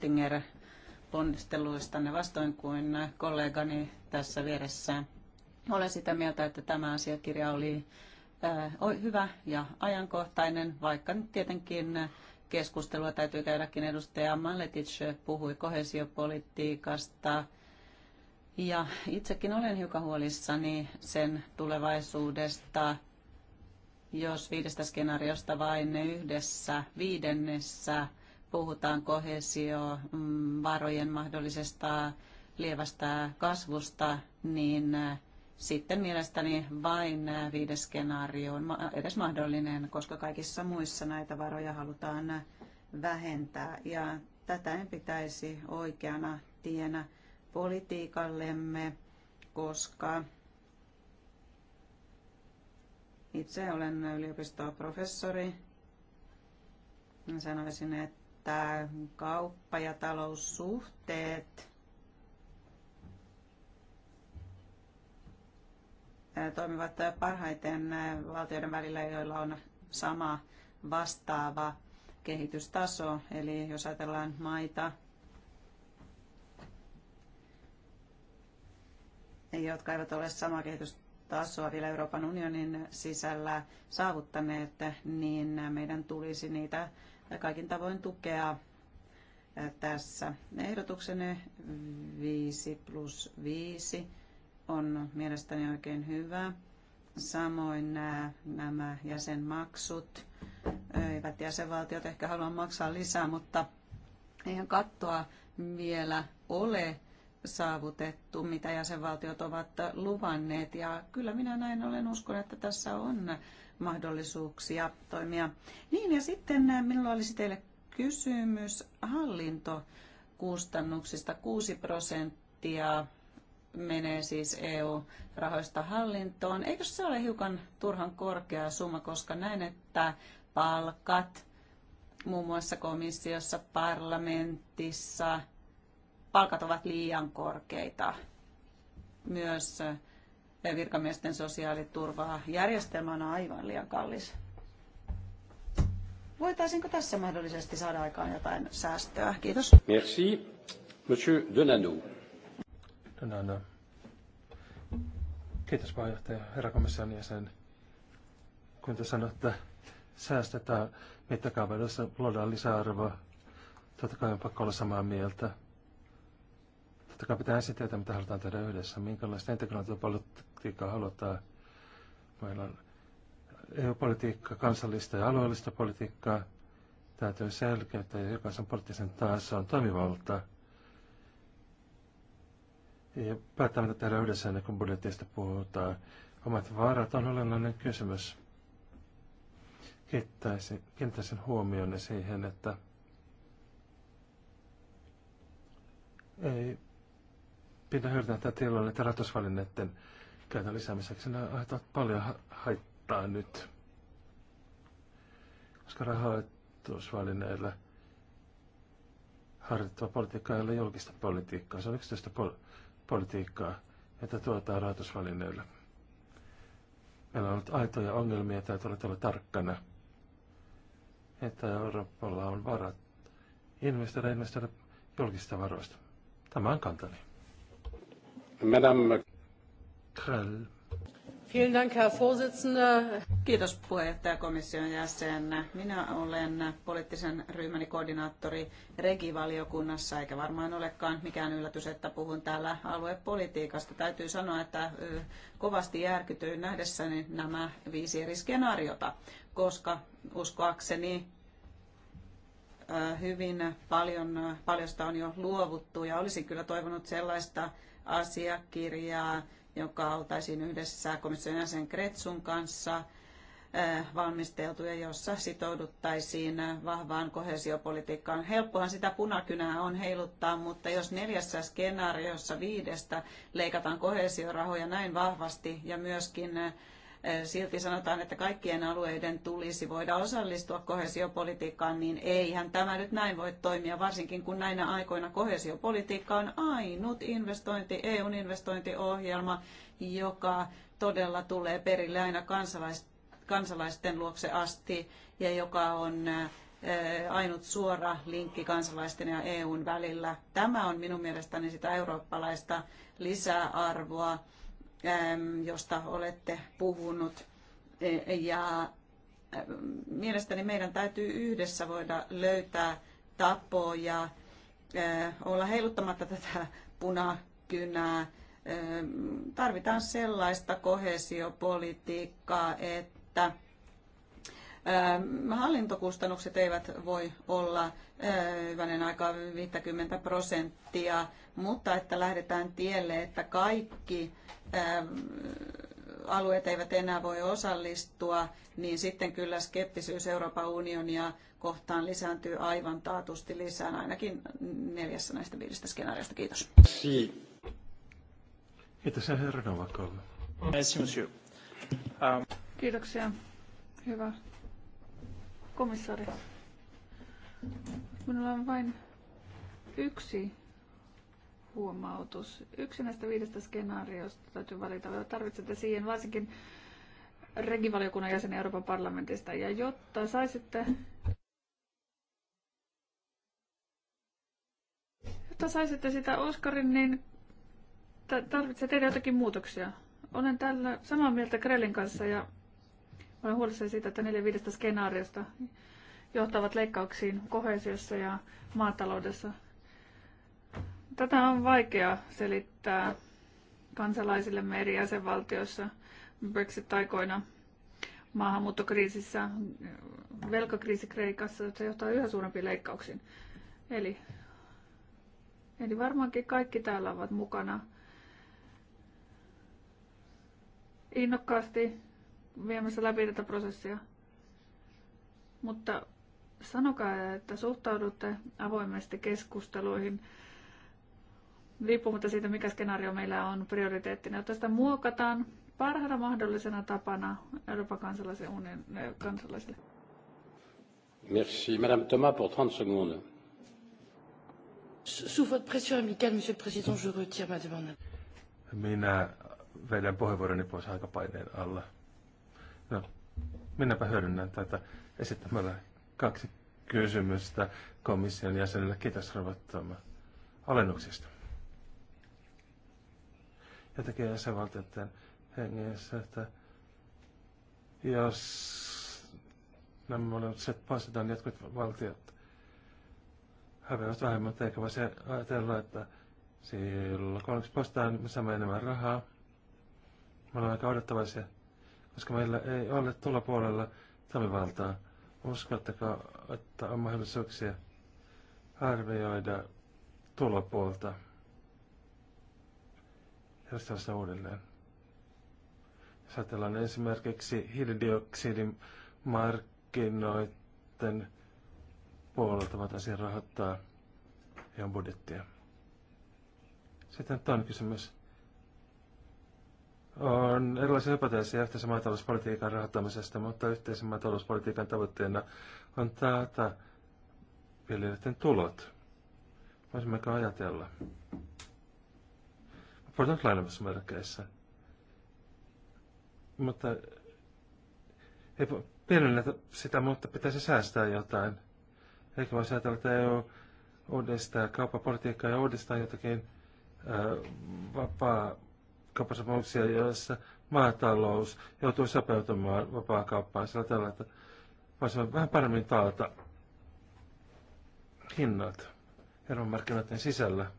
ponnisteluista, ne vastoin kuin kollegani tässä vieressä. Olen sitä mieltä, että tämä asiakirja oli äh, hyvä ja ajankohtainen, vaikka nyt tietenkin keskustelua täytyy käydäkin. Edustaja Maletic puhui kohesiopolitiikasta ja itsekin olen hiukan huolissani sen tulevaisuudesta jos viidestä skenaariosta vain yhdessä viidennessä puhutaan kohesio mm, varojen mahdollisesta lievästä kasvusta, niin äh, sitten mielestäni vain äh, viides skenaario on edes mahdollinen, koska kaikissa muissa näitä varoja halutaan äh, vähentää. Ja tätä en pitäisi oikeana tienä politiikallemme, koska itse olen professori. Sanoisin, että kauppa- ja taloussuhteet toimivat parhaiten valtioiden välillä, joilla on sama vastaava kehitystaso. Eli jos ajatellaan maita, jotka eivät ole samaa kehitystaso tasoa vielä Euroopan unionin sisällä saavuttaneet, niin meidän tulisi niitä kaikin tavoin tukea tässä. Ehdotuksenne 5 plus 5 on mielestäni oikein hyvä. Samoin nämä, äh, nämä jäsenmaksut. Äh, eivät jäsenvaltiot ehkä halua maksaa lisää, mutta eihän kattoa vielä ole saavutettu, mitä jäsenvaltiot ovat luvanneet. Ja kyllä minä näin olen uskon, että tässä on mahdollisuuksia toimia. Niin ja sitten minulla olisi teille kysymys hallintokustannuksista. 6 prosenttia menee siis EU-rahoista hallintoon. Eikö se ole hiukan turhan korkea summa, koska näin, että palkat muun muassa komissiossa, parlamentissa – palkat ovat liian korkeita. Myös eh, virkamiesten sosiaaliturvaa järjestelmä on aivan liian kallis. Voitaisinko tässä mahdollisesti saada aikaan jotain säästöä? Kiitos. Merci. Monsieur Donano. Donano. Kiitos puheenjohtaja, herra komission jäsen. Kun te sanotte, säästetään mittakaavassa, luodaan lisäarvoa, totta kai on pakko olla samaa mieltä. Totta kai pitää ensin tietää, mitä halutaan tehdä yhdessä, minkälaista integraatiopolitiikkaa halutaan. Meillä on EU-politiikka, kansallista ja alueellista politiikkaa. Täytyy selkeyttää ja jokaisen poliittisen on toimivalta. Ja päättää, mitä tehdään yhdessä ennen kuin budjetista puhutaan. Omat vaarat on olennainen kysymys. Kiittäisin, kiinnittäisin huomionne siihen, että ei pinta hyödyntää tiloille ja rahoitusvälineiden käytön lisäämiseksi. Ne aiheuttavat paljon haittaa nyt, koska rahoitusvälineillä harjoittava politiikka ei ole julkista politiikkaa, se on yksityistä pol- politiikkaa, jota tuotaan rahoitusvälineillä. Meillä on ollut aitoja ongelmia, täytyy olla tällä tarkkana, että Euroopalla on varat investoida, investoida julkista varoista. Tämä on kantani. Madame Krell. Vielen Dank, Herr Vorsitzender. Kiitos jäsen. Minä olen poliittisen ryhmäni koordinaattori Regi-valiokunnassa, eikä varmaan olekaan mikään yllätys, että puhun täällä aluepolitiikasta. Täytyy sanoa, että kovasti järkytyin nähdessäni nämä viisi eri skenaariota, koska uskoakseni hyvin paljon, paljosta on jo luovuttu ja olisin kyllä toivonut sellaista asiakirjaa, joka oltaisiin yhdessä komission jäsen Kretsun kanssa eh, valmisteltu ja jossa sitouduttaisiin vahvaan kohesiopolitiikkaan. Helppohan sitä punakynää on heiluttaa, mutta jos neljässä skenaariossa viidestä leikataan kohesiorahoja näin vahvasti ja myöskin eh, Eh, silti sanotaan, että kaikkien alueiden tulisi voida osallistua kohesiopolitiikkaan, niin eihän tämä nyt näin voi toimia, varsinkin kun näinä aikoina kohesiopolitiikka on ainut investointi, EUn investointiohjelma, joka todella tulee perille aina kansalaisten luokse asti ja joka on eh, ainut suora linkki kansalaisten ja EUn välillä. Tämä on minun mielestäni sitä eurooppalaista lisäarvoa Ähm, josta olette puhunut. E, ja ähm, mielestäni meidän täytyy yhdessä voida löytää tapoja äh, olla heiluttamatta tätä punakynää. Ähm, tarvitaan sellaista kohesiopolitiikkaa, että Hallintokustannukset eivät voi olla hyvänen aikaa 50 prosenttia, mutta että lähdetään tielle, että kaikki alueet eivät enää voi osallistua, niin sitten kyllä skeptisyys Euroopan unionia kohtaan lisääntyy aivan taatusti lisää ainakin neljässä näistä viidestä skenaariosta. Kiitos. Kiitos herra um, Kiitoksia. Hyvä Komissaari, minulla on vain yksi huomautus. Yksi näistä viidestä skenaariosta täytyy valita. Tarvitsette siihen varsinkin regivaliokunnan jäsen Euroopan parlamentista. Ja jotta saisitte jotta saisitte sitä Oskarin, niin tarvitsee tehdä jotakin muutoksia. Olen tällä samaa mieltä Krellin kanssa ja olen huolissani siitä, että neljä viidestä skenaariosta johtavat leikkauksiin kohesiossa ja maataloudessa. Tätä on vaikea selittää kansalaisille eri jäsenvaltioissa Brexit-aikoina maahanmuuttokriisissä, velkakriisi Kreikassa, se johtaa yhä suurempiin leikkauksiin. Eli, eli varmaankin kaikki täällä ovat mukana innokkaasti viemässä läpi tätä prosessia. Mutta sanokaa, että suhtaudutte avoimesti keskusteluihin riippumatta siitä, mikä skenaario meillä on prioriteettina. Tästä muokataan parhaana mahdollisena tapana Euroopan kansalaisen unionin kansalaisille. Merci. Madame Thomas pour 30 secondes. Sous votre pression amicale, Monsieur le Président, je retire ma demande. Minä vedän puheenvuoroni pois paineen alla. No, minäpä hyödynnän tätä esittämällä kaksi kysymystä komission jäsenille. Kiitos rovattama alennuksista. Ja tekee jäsenvaltioiden hengessä, että jos nämä molemmit poistetaan, jotkut valtiot häviävät vähemmän, eikä voisi ajatella, että silloin kun poistetaan, niin me saamme enemmän rahaa. Me ollaan aika odottavaisia koska meillä ei ole tulla puolella toimivaltaa. Uskotteko, että on mahdollisuuksia arvioida tulopuolta järjestelmästä uudelleen. Jos ajatellaan esimerkiksi hiilidioksidin markkinoiden puolelta voitaisiin rahoittaa ihan budjettia. Sitten toinen kysymys. On erilaisia hypoteeseja yhteisen maatalouspolitiikan rahoittamisesta, mutta yhteisen maatalouspolitiikan tavoitteena on taata viljelijöiden tulot. Voisimmeko ajatella? Puhutaan lainamassa merkeissä. Mutta ei pienennetä sitä, mutta pitäisi säästää jotain. Eikö voisi ajatella, että EU uudistaa kauppapolitiikkaa ja uudistaa jotakin ää, vapaa kauppasopimuksia, joissa maatalous joutuu sopeutumaan vapaa-kauppaan sillä tavalla, että voisimme vähän paremmin taata hinnat hermomarkkinoiden sisällä.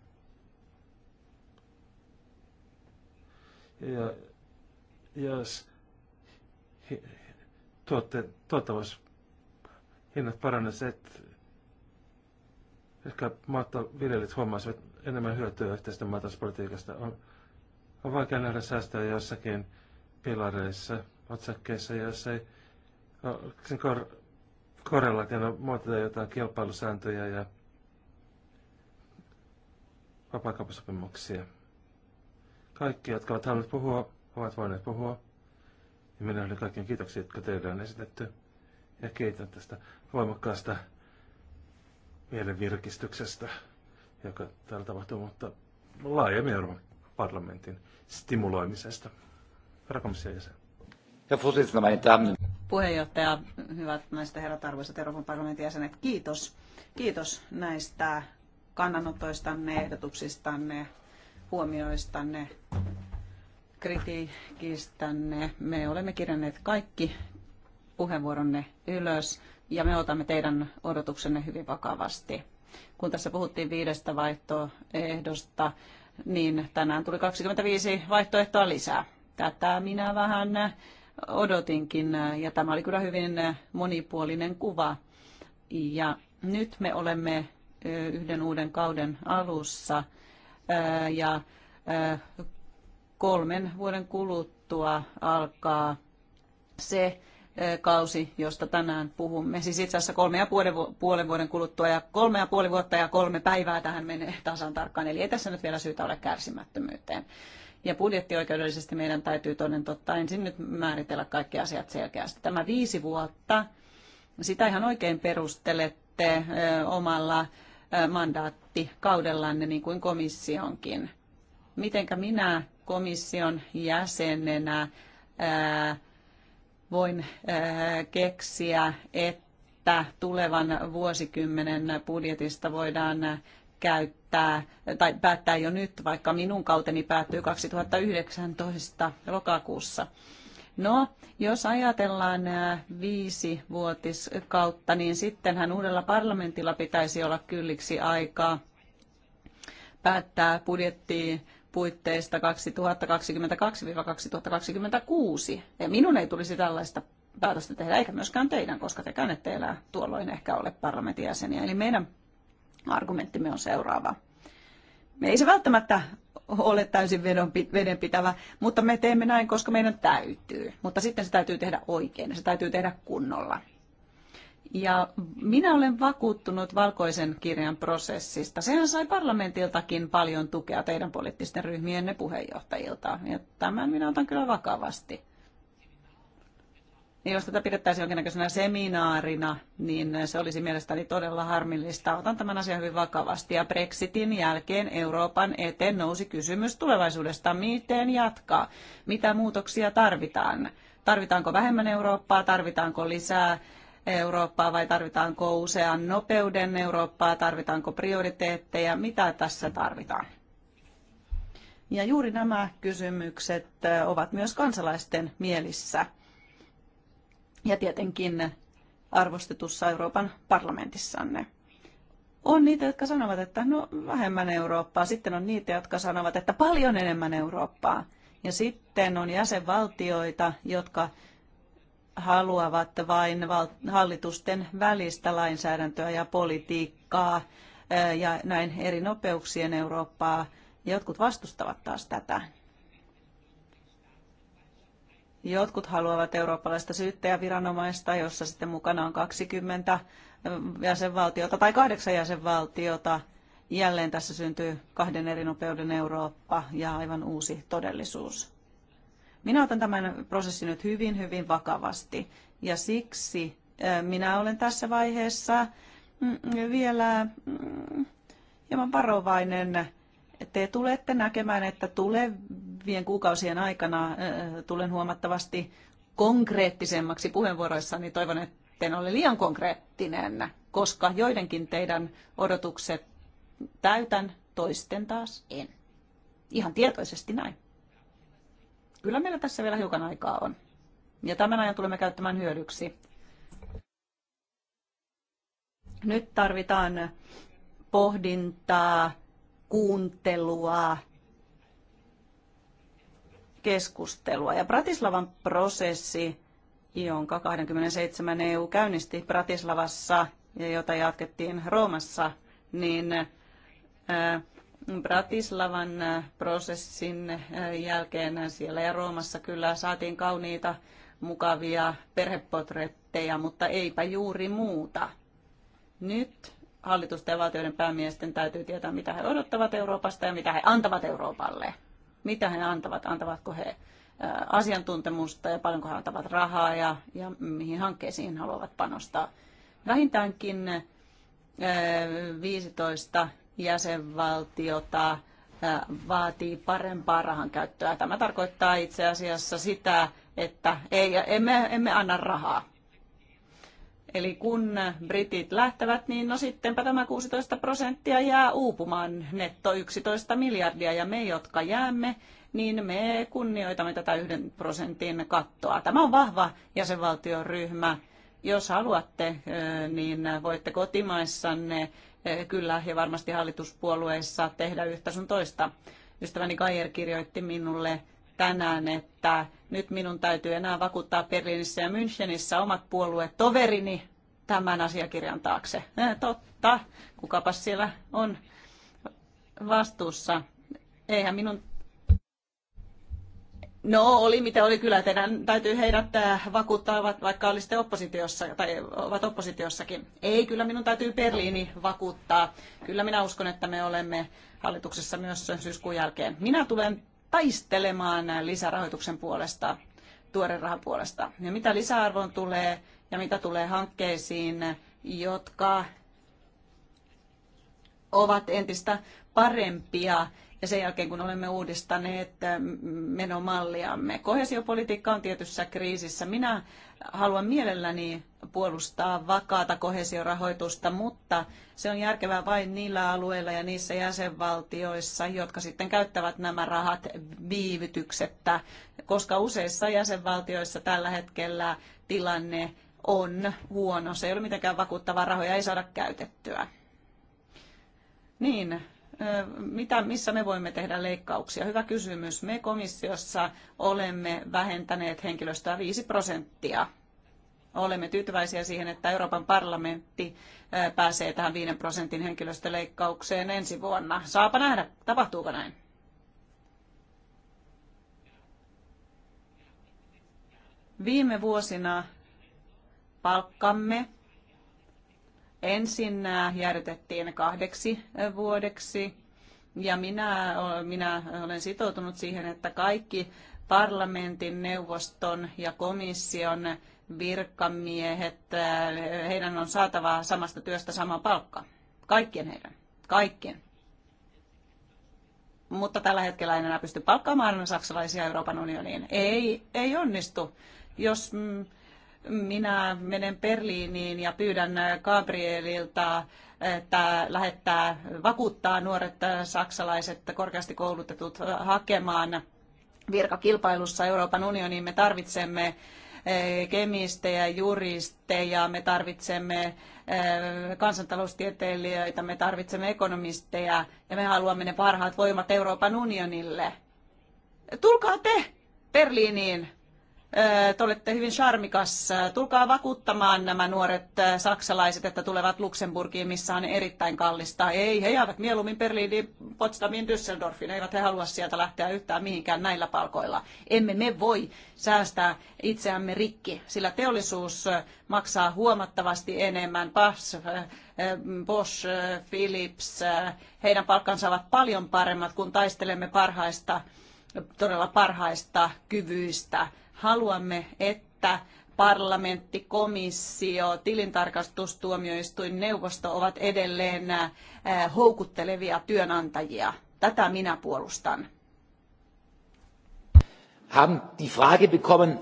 Ja jos tuotte, tuottavuus hinnat paranisivat, ehkä maata viljelijät huomaisivat enemmän hyötyä yhteistä maatalouspolitiikasta on on vaikea nähdä säästöä jossakin pilareissa, otsakkeissa, jos ei sen kor- korrelaationa muotata jotain kilpailusääntöjä ja vapaakauppasopimuksia. Kaikki, jotka ovat halunneet puhua, ovat voineet puhua. Ja minä olen kaikkien kiitoksia, jotka teille on esitetty. Ja kiitän tästä voimakkaasta mielenvirkistyksestä, joka täällä tapahtuu, mutta laajemmin Euroopan parlamentin stimuloimisesta. Herra komission jäsen. Puheenjohtaja, hyvät naiset ja herrat, arvoisat Euroopan parlamentin jäsenet, kiitos. Kiitos näistä kannanotoistanne, ehdotuksistanne, huomioistanne, kritiikistänne. Me olemme kirjanneet kaikki puheenvuoronne ylös ja me otamme teidän odotuksenne hyvin vakavasti. Kun tässä puhuttiin viidestä vaihtoehdosta, niin tänään tuli 25 vaihtoehtoa lisää. Tätä minä vähän odotinkin ja tämä oli kyllä hyvin monipuolinen kuva. Ja nyt me olemme yhden uuden kauden alussa ja kolmen vuoden kuluttua alkaa se kausi, josta tänään puhumme. Siis itse asiassa kolme ja puolen vuoden kuluttua ja kolme ja puoli vuotta ja kolme päivää tähän menee tasan tarkkaan. Eli ei tässä nyt vielä syytä ole kärsimättömyyteen. Ja budjettioikeudellisesti meidän täytyy toden totta ensin nyt määritellä kaikki asiat selkeästi. Tämä viisi vuotta, sitä ihan oikein perustelette omalla mandaattikaudellanne, niin kuin komissionkin. Mitenkä minä komission jäsenenä ää, voin äh, keksiä, että tulevan vuosikymmenen budjetista voidaan käyttää tai päättää jo nyt, vaikka minun kauteni päättyy 2019 lokakuussa. No, jos ajatellaan äh, vuotiskautta, niin sittenhän uudella parlamentilla pitäisi olla kylliksi aikaa päättää budjettiin puitteista 2022-2026. Ja minun ei tulisi tällaista päätöstä tehdä, eikä myöskään teidän, koska te ette elää tuolloin ehkä ole parlamentin jäseniä. Eli meidän argumenttimme on seuraava. Me ei se välttämättä ole täysin vedenpitävä, mutta me teemme näin, koska meidän täytyy. Mutta sitten se täytyy tehdä oikein, se täytyy tehdä kunnolla. Ja minä olen vakuuttunut valkoisen kirjan prosessista. Sehän sai parlamentiltakin paljon tukea teidän poliittisten ryhmienne puheenjohtajilta. Ja tämän minä otan kyllä vakavasti. Ja jos tätä pidettäisiin jonkinnäköisenä seminaarina, niin se olisi mielestäni todella harmillista. Otan tämän asian hyvin vakavasti. Ja Brexitin jälkeen Euroopan eteen nousi kysymys tulevaisuudesta. Miten jatkaa? Mitä muutoksia tarvitaan? Tarvitaanko vähemmän Eurooppaa? Tarvitaanko lisää Eurooppaa vai tarvitaanko usean nopeuden Eurooppaa, tarvitaanko prioriteetteja, mitä tässä tarvitaan? Ja juuri nämä kysymykset äh, ovat myös kansalaisten mielissä ja tietenkin arvostetussa Euroopan parlamentissanne. On niitä, jotka sanovat, että no vähemmän Eurooppaa. Sitten on niitä, jotka sanovat, että paljon enemmän Eurooppaa. Ja sitten on jäsenvaltioita, jotka haluavat vain hallitusten välistä lainsäädäntöä ja politiikkaa ja näin eri nopeuksien Eurooppaa. Jotkut vastustavat taas tätä. Jotkut haluavat eurooppalaista syyttäjäviranomaista, jossa sitten mukana on 20 jäsenvaltiota tai kahdeksan jäsenvaltiota. Jälleen tässä syntyy kahden eri nopeuden Eurooppa ja aivan uusi todellisuus. Minä otan tämän prosessin nyt hyvin, hyvin vakavasti ja siksi minä olen tässä vaiheessa mm, vielä mm, hieman varovainen. Te tulette näkemään, että tulevien kuukausien aikana tulen huomattavasti konkreettisemmaksi puheenvuoroissani. Toivon, että en ole liian konkreettinen, koska joidenkin teidän odotukset täytän, toisten taas en. Ihan tietoisesti näin kyllä meillä tässä vielä hiukan aikaa on. Ja tämän ajan tulemme käyttämään hyödyksi. Nyt tarvitaan pohdintaa, kuuntelua, keskustelua. Ja Bratislavan prosessi, jonka 27 EU käynnisti Bratislavassa ja jota jatkettiin Roomassa, niin äh, Bratislavan äh, prosessin äh, jälkeen siellä ja Roomassa kyllä saatiin kauniita, mukavia perhepotretteja, mutta eipä juuri muuta. Nyt hallitusten ja valtioiden päämiesten täytyy tietää, mitä he odottavat Euroopasta ja mitä he antavat Euroopalle. Mitä he antavat, antavatko he äh, asiantuntemusta ja paljonko he antavat rahaa ja, ja mihin hankkeisiin haluavat panostaa. Vähintäänkin 15 jäsenvaltiota vaatii parempaa käyttöä. Tämä tarkoittaa itse asiassa sitä, että ei, emme, emme anna rahaa. Eli kun britit lähtevät, niin no sittenpä tämä 16 prosenttia jää uupumaan netto 11 miljardia. Ja me, jotka jäämme, niin me kunnioitamme tätä yhden prosentin kattoa. Tämä on vahva jäsenvaltioryhmä. Jos haluatte, niin voitte kotimaissanne kyllä ja varmasti hallituspuolueissa tehdä yhtä sun toista. Ystäväni Kajer kirjoitti minulle tänään, että nyt minun täytyy enää vakuuttaa Berliinissä ja Münchenissä omat puolueet toverini tämän asiakirjan taakse. Totta, kukapas siellä on vastuussa. Eihän minun No oli mitä oli kyllä, teidän täytyy heidät äh, vakuuttaa, vaikka olisitte oppositiossa tai äh, ovat oppositiossakin. Ei, kyllä minun täytyy Berliini vakuuttaa. Kyllä minä uskon, että me olemme hallituksessa myös syyskuun jälkeen. Minä tulen taistelemaan lisärahoituksen puolesta, tuoren rahan puolesta. Ja mitä lisäarvoon tulee ja mitä tulee hankkeisiin, jotka ovat entistä parempia ja sen jälkeen kun olemme uudistaneet äh, menomalliamme. Kohesiopolitiikka on tietyssä kriisissä. Minä haluan mielelläni puolustaa vakaata kohesiorahoitusta, mutta se on järkevää vain niillä alueilla ja niissä jäsenvaltioissa, jotka sitten käyttävät nämä rahat viivytyksettä, koska useissa jäsenvaltioissa tällä hetkellä tilanne on huono. Se ei ole mitenkään vakuuttavaa, rahoja ei saada käytettyä. Niin, mitä, missä me voimme tehdä leikkauksia? Hyvä kysymys. Me komissiossa olemme vähentäneet henkilöstöä 5 prosenttia. Olemme tyytyväisiä siihen, että Euroopan parlamentti pääsee tähän 5 prosentin henkilöstöleikkaukseen ensi vuonna. Saapa nähdä, tapahtuuko näin. Viime vuosina palkkamme ensin äh, jäädytettiin kahdeksi äh, vuodeksi ja minä, minä olen sitoutunut siihen, että kaikki parlamentin, neuvoston ja komission virkamiehet, äh, heidän on saatava samasta työstä sama palkka. Kaikkien heidän. Kaikkien. Mutta tällä hetkellä en enää pysty palkkaamaan saksalaisia Euroopan unioniin. Ei, ei onnistu. Jos mm, minä menen Berliiniin ja pyydän Gabrielilta, että lähettää vakuuttaa nuoret saksalaiset korkeasti koulutetut hakemaan virkakilpailussa Euroopan unioniin. Me tarvitsemme eh, kemistejä, juristeja, me tarvitsemme eh, kansantaloustieteilijöitä, me tarvitsemme ekonomisteja ja me haluamme ne parhaat voimat Euroopan unionille. Tulkaa te Berliiniin te olette hyvin charmikas. Tulkaa vakuuttamaan nämä nuoret saksalaiset, että tulevat Luxemburgiin, missä on erittäin kallista. Ei, he jäävät mieluummin Berliiniin, Potsdamiin, Düsseldorfiin. Eivät he halua sieltä lähteä yhtään mihinkään näillä palkoilla. Emme me voi säästää itseämme rikki, sillä teollisuus maksaa huomattavasti enemmän. Pass, Bosch, Philips, heidän palkkansa ovat paljon paremmat, kun taistelemme parhaista todella parhaista kyvyistä Haluamme, että parlamentti, komissio, tilintarkastustuomioistuin, neuvosto ovat edelleen äh, houkuttelevia työnantajia. Tätä minä puolustan. Haben die Frage bekommen,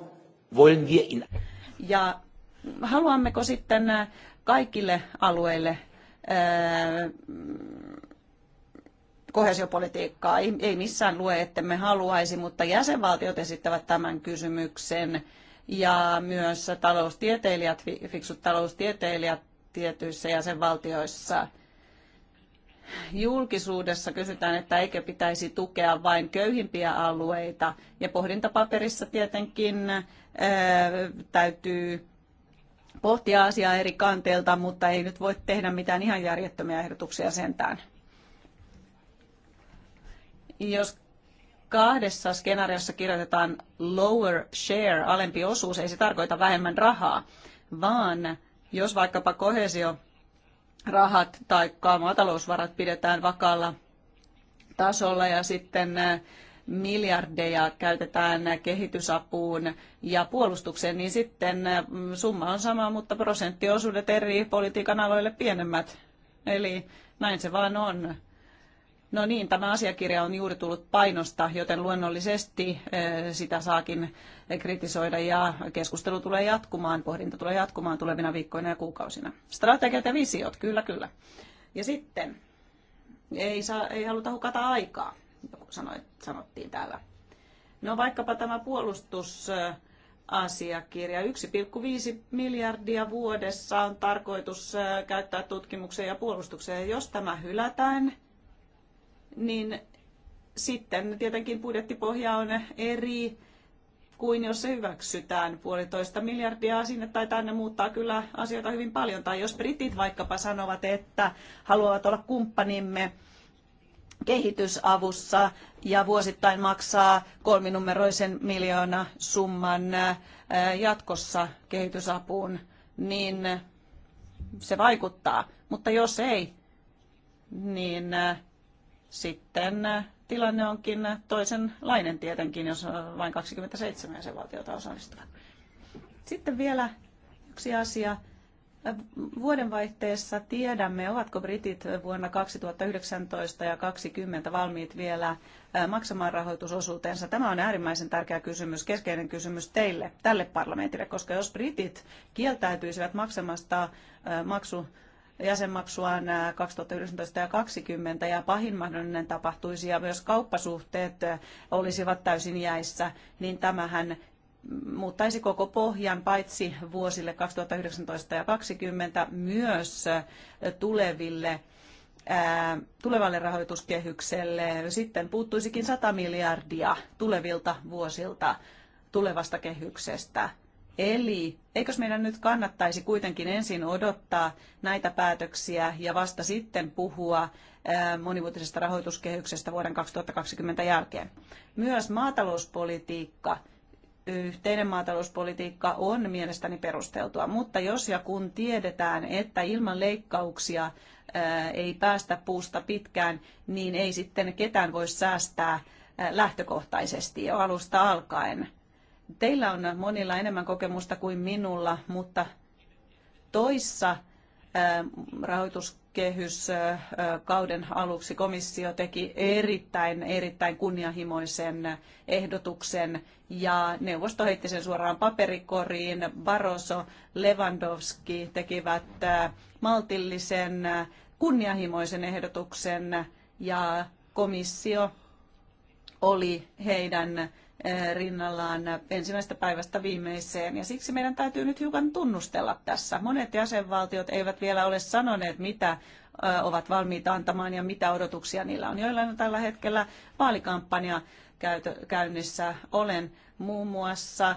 wollen wir in... Ja haluammeko sitten äh, kaikille alueille äh, kohesiopolitiikkaa. Ei, ei missään lue, että me haluaisi, mutta jäsenvaltiot esittävät tämän kysymyksen ja myös taloustieteilijät, fiksut taloustieteilijät tietyissä jäsenvaltioissa julkisuudessa kysytään, että eikö pitäisi tukea vain köyhimpiä alueita. Ja pohdintapaperissa tietenkin ää, täytyy pohtia asiaa eri kanteelta, mutta ei nyt voi tehdä mitään ihan järjettömiä ehdotuksia sentään. Jos kahdessa skenaariossa kirjoitetaan lower share, alempi osuus, ei se tarkoita vähemmän rahaa, vaan jos vaikkapa kohesio rahat tai maatalousvarat pidetään vakaalla tasolla ja sitten eh, miljardeja käytetään kehitysapuun ja puolustukseen, niin sitten eh, summa on sama, mutta prosenttiosuudet eri politiikan aloille pienemmät. Eli näin se vaan on. No niin, tämä asiakirja on juuri tullut painosta, joten luonnollisesti eh, sitä saakin kritisoida ja keskustelu tulee jatkumaan, pohdinta tulee jatkumaan tulevina viikkoina ja kuukausina. Strategiat ja visiot, kyllä kyllä. Ja sitten, ei, saa, ei haluta hukata aikaa, joku sanoi, sanottiin täällä. No vaikkapa tämä puolustusasiakirja, 1,5 miljardia vuodessa on tarkoitus eh, käyttää tutkimukseen ja puolustukseen. Jos tämä hylätään, niin sitten tietenkin budjettipohja on eri kuin jos se hyväksytään puolitoista miljardia sinne tai tänne muuttaa kyllä asioita hyvin paljon. Tai jos britit vaikkapa sanovat, että haluavat olla kumppanimme kehitysavussa ja vuosittain maksaa kolminumeroisen miljoona summan jatkossa kehitysapuun, niin se vaikuttaa. Mutta jos ei, niin sitten äh, tilanne onkin äh, toisenlainen tietenkin, jos äh, vain 27 jäsenvaltiota osallistuvat. Sitten vielä yksi asia. Vuodenvaihteessa tiedämme, ovatko britit vuonna 2019 ja 2020 valmiit vielä maksamaan rahoitusosuutensa. Tämä on äärimmäisen tärkeä kysymys, keskeinen kysymys teille, tälle parlamentille, koska jos britit kieltäytyisivät maksamasta maksu jäsenmaksuaan 2019 äh, ja 2020 ja pahin mahdollinen tapahtuisi ja myös kauppasuhteet äh, olisivat täysin jäissä, niin tämähän muuttaisi koko pohjan paitsi vuosille 2019 ja 2020 myös äh, tuleville tulevalle rahoituskehykselle. Sitten puuttuisikin 100 miljardia tulevilta vuosilta tulevasta kehyksestä Eli eikös meidän nyt kannattaisi kuitenkin ensin odottaa näitä päätöksiä ja vasta sitten puhua monivuotisesta rahoituskehyksestä vuoden 2020 jälkeen. Myös maatalouspolitiikka, yhteinen maatalouspolitiikka on mielestäni perusteltua, mutta jos ja kun tiedetään, että ilman leikkauksia ei päästä puusta pitkään, niin ei sitten ketään voi säästää lähtökohtaisesti jo alusta alkaen Teillä on monilla enemmän kokemusta kuin minulla, mutta toissa rahoituskehyskauden aluksi komissio teki erittäin, erittäin kunnianhimoisen ehdotuksen ja neuvosto heitti sen suoraan paperikoriin. Barroso, Lewandowski tekivät maltillisen kunnianhimoisen ehdotuksen ja komissio oli heidän Eh, rinnallaan ensimmäisestä päivästä viimeiseen. Ja siksi meidän täytyy nyt hiukan tunnustella tässä. Monet jäsenvaltiot eivät vielä ole sanoneet, mitä eh, ovat valmiita antamaan ja mitä odotuksia niillä on. Joillain on tällä hetkellä vaalikampanja käynnissä. Olen muun muassa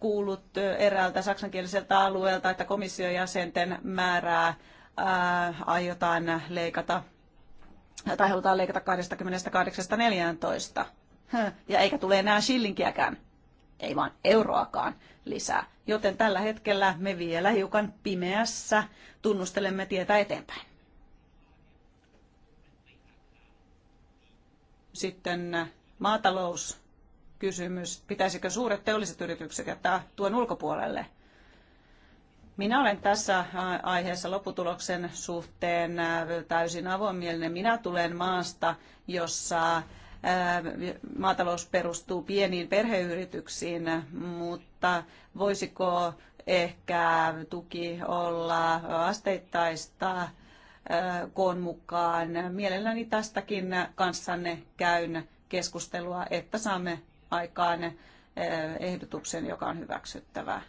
kuullut eh, eräältä saksankieliseltä alueelta, että komission jäsenten määrää ää, aiotaan leikata tai halutaan leikata 28-14 ja eikä tule enää shillinkiäkään, ei vaan euroakaan lisää. Joten tällä hetkellä me vielä hiukan pimeässä tunnustelemme tietä eteenpäin. Sitten äh, maatalouskysymys. Pitäisikö suuret teolliset yritykset jättää tuon ulkopuolelle? Minä olen tässä äh, aiheessa lopputuloksen suhteen äh, täysin avoimielinen. Minä tulen maasta, jossa maatalous perustuu pieniin perheyrityksiin, mutta voisiko ehkä tuki olla asteittaista koon mukaan. Mielelläni tästäkin kanssanne käyn keskustelua, että saamme aikaan ehdotuksen, joka on hyväksyttävä.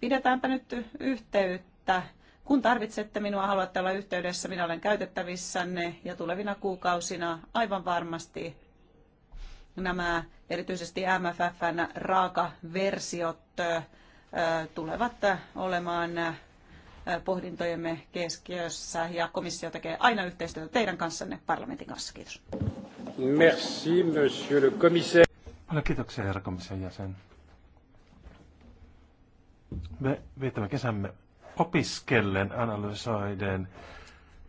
Pidetäänpä nyt yhteyttä kun tarvitsette minua, haluatte olla yhteydessä, minä olen käytettävissänne ja tulevina kuukausina aivan varmasti nämä erityisesti MFFn raakaversiot tulevat olemaan pohdintojemme keskiössä ja komissio tekee aina yhteistyötä teidän kanssanne parlamentin kanssa. Kiitos. Merci, monsieur le commissaire. Paljon kiitoksia, herra komission jäsen. Me viettämme kesämme opiskellen analysoiden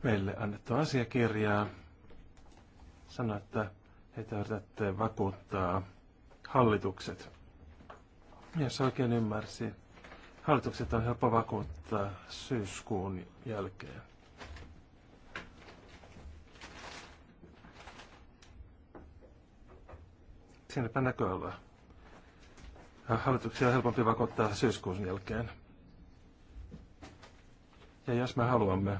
meille annettua asiakirjaa. Sanoa, että he yritätte vakuuttaa hallitukset. Jos oikein ymmärsin, hallitukset on helppo vakuuttaa syyskuun jälkeen. Siinäpä näköala. Hallituksia on helpompi vakuuttaa syyskuun jälkeen. Ja jos me haluamme,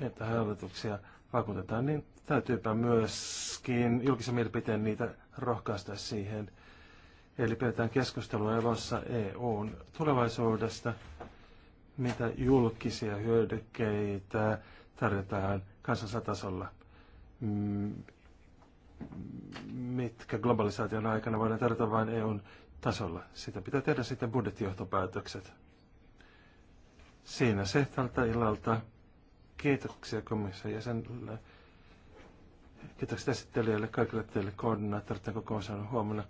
että hallituksia vakuutetaan, niin täytyypä myöskin julkisen mielipiteen niitä rohkaista siihen. Eli pidetään keskustelua elossa EUn tulevaisuudesta, mitä julkisia hyödykkeitä tarjotaan kansansatasolla, mm, mitkä globalisaation aikana voidaan tarjota vain EUn tasolla. Sitä pitää tehdä sitten budjettijohtopäätökset. Siinä se tältä illalta. Kiitoksia komission jäsenille. Kiitoksia esittelijälle kaikille teille koordinaattorit. Kokous on huomenna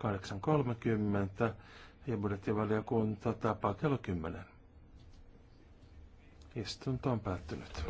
8.30 ja budjettivaliokunta tapaa kello 10. Istunto on päättynyt.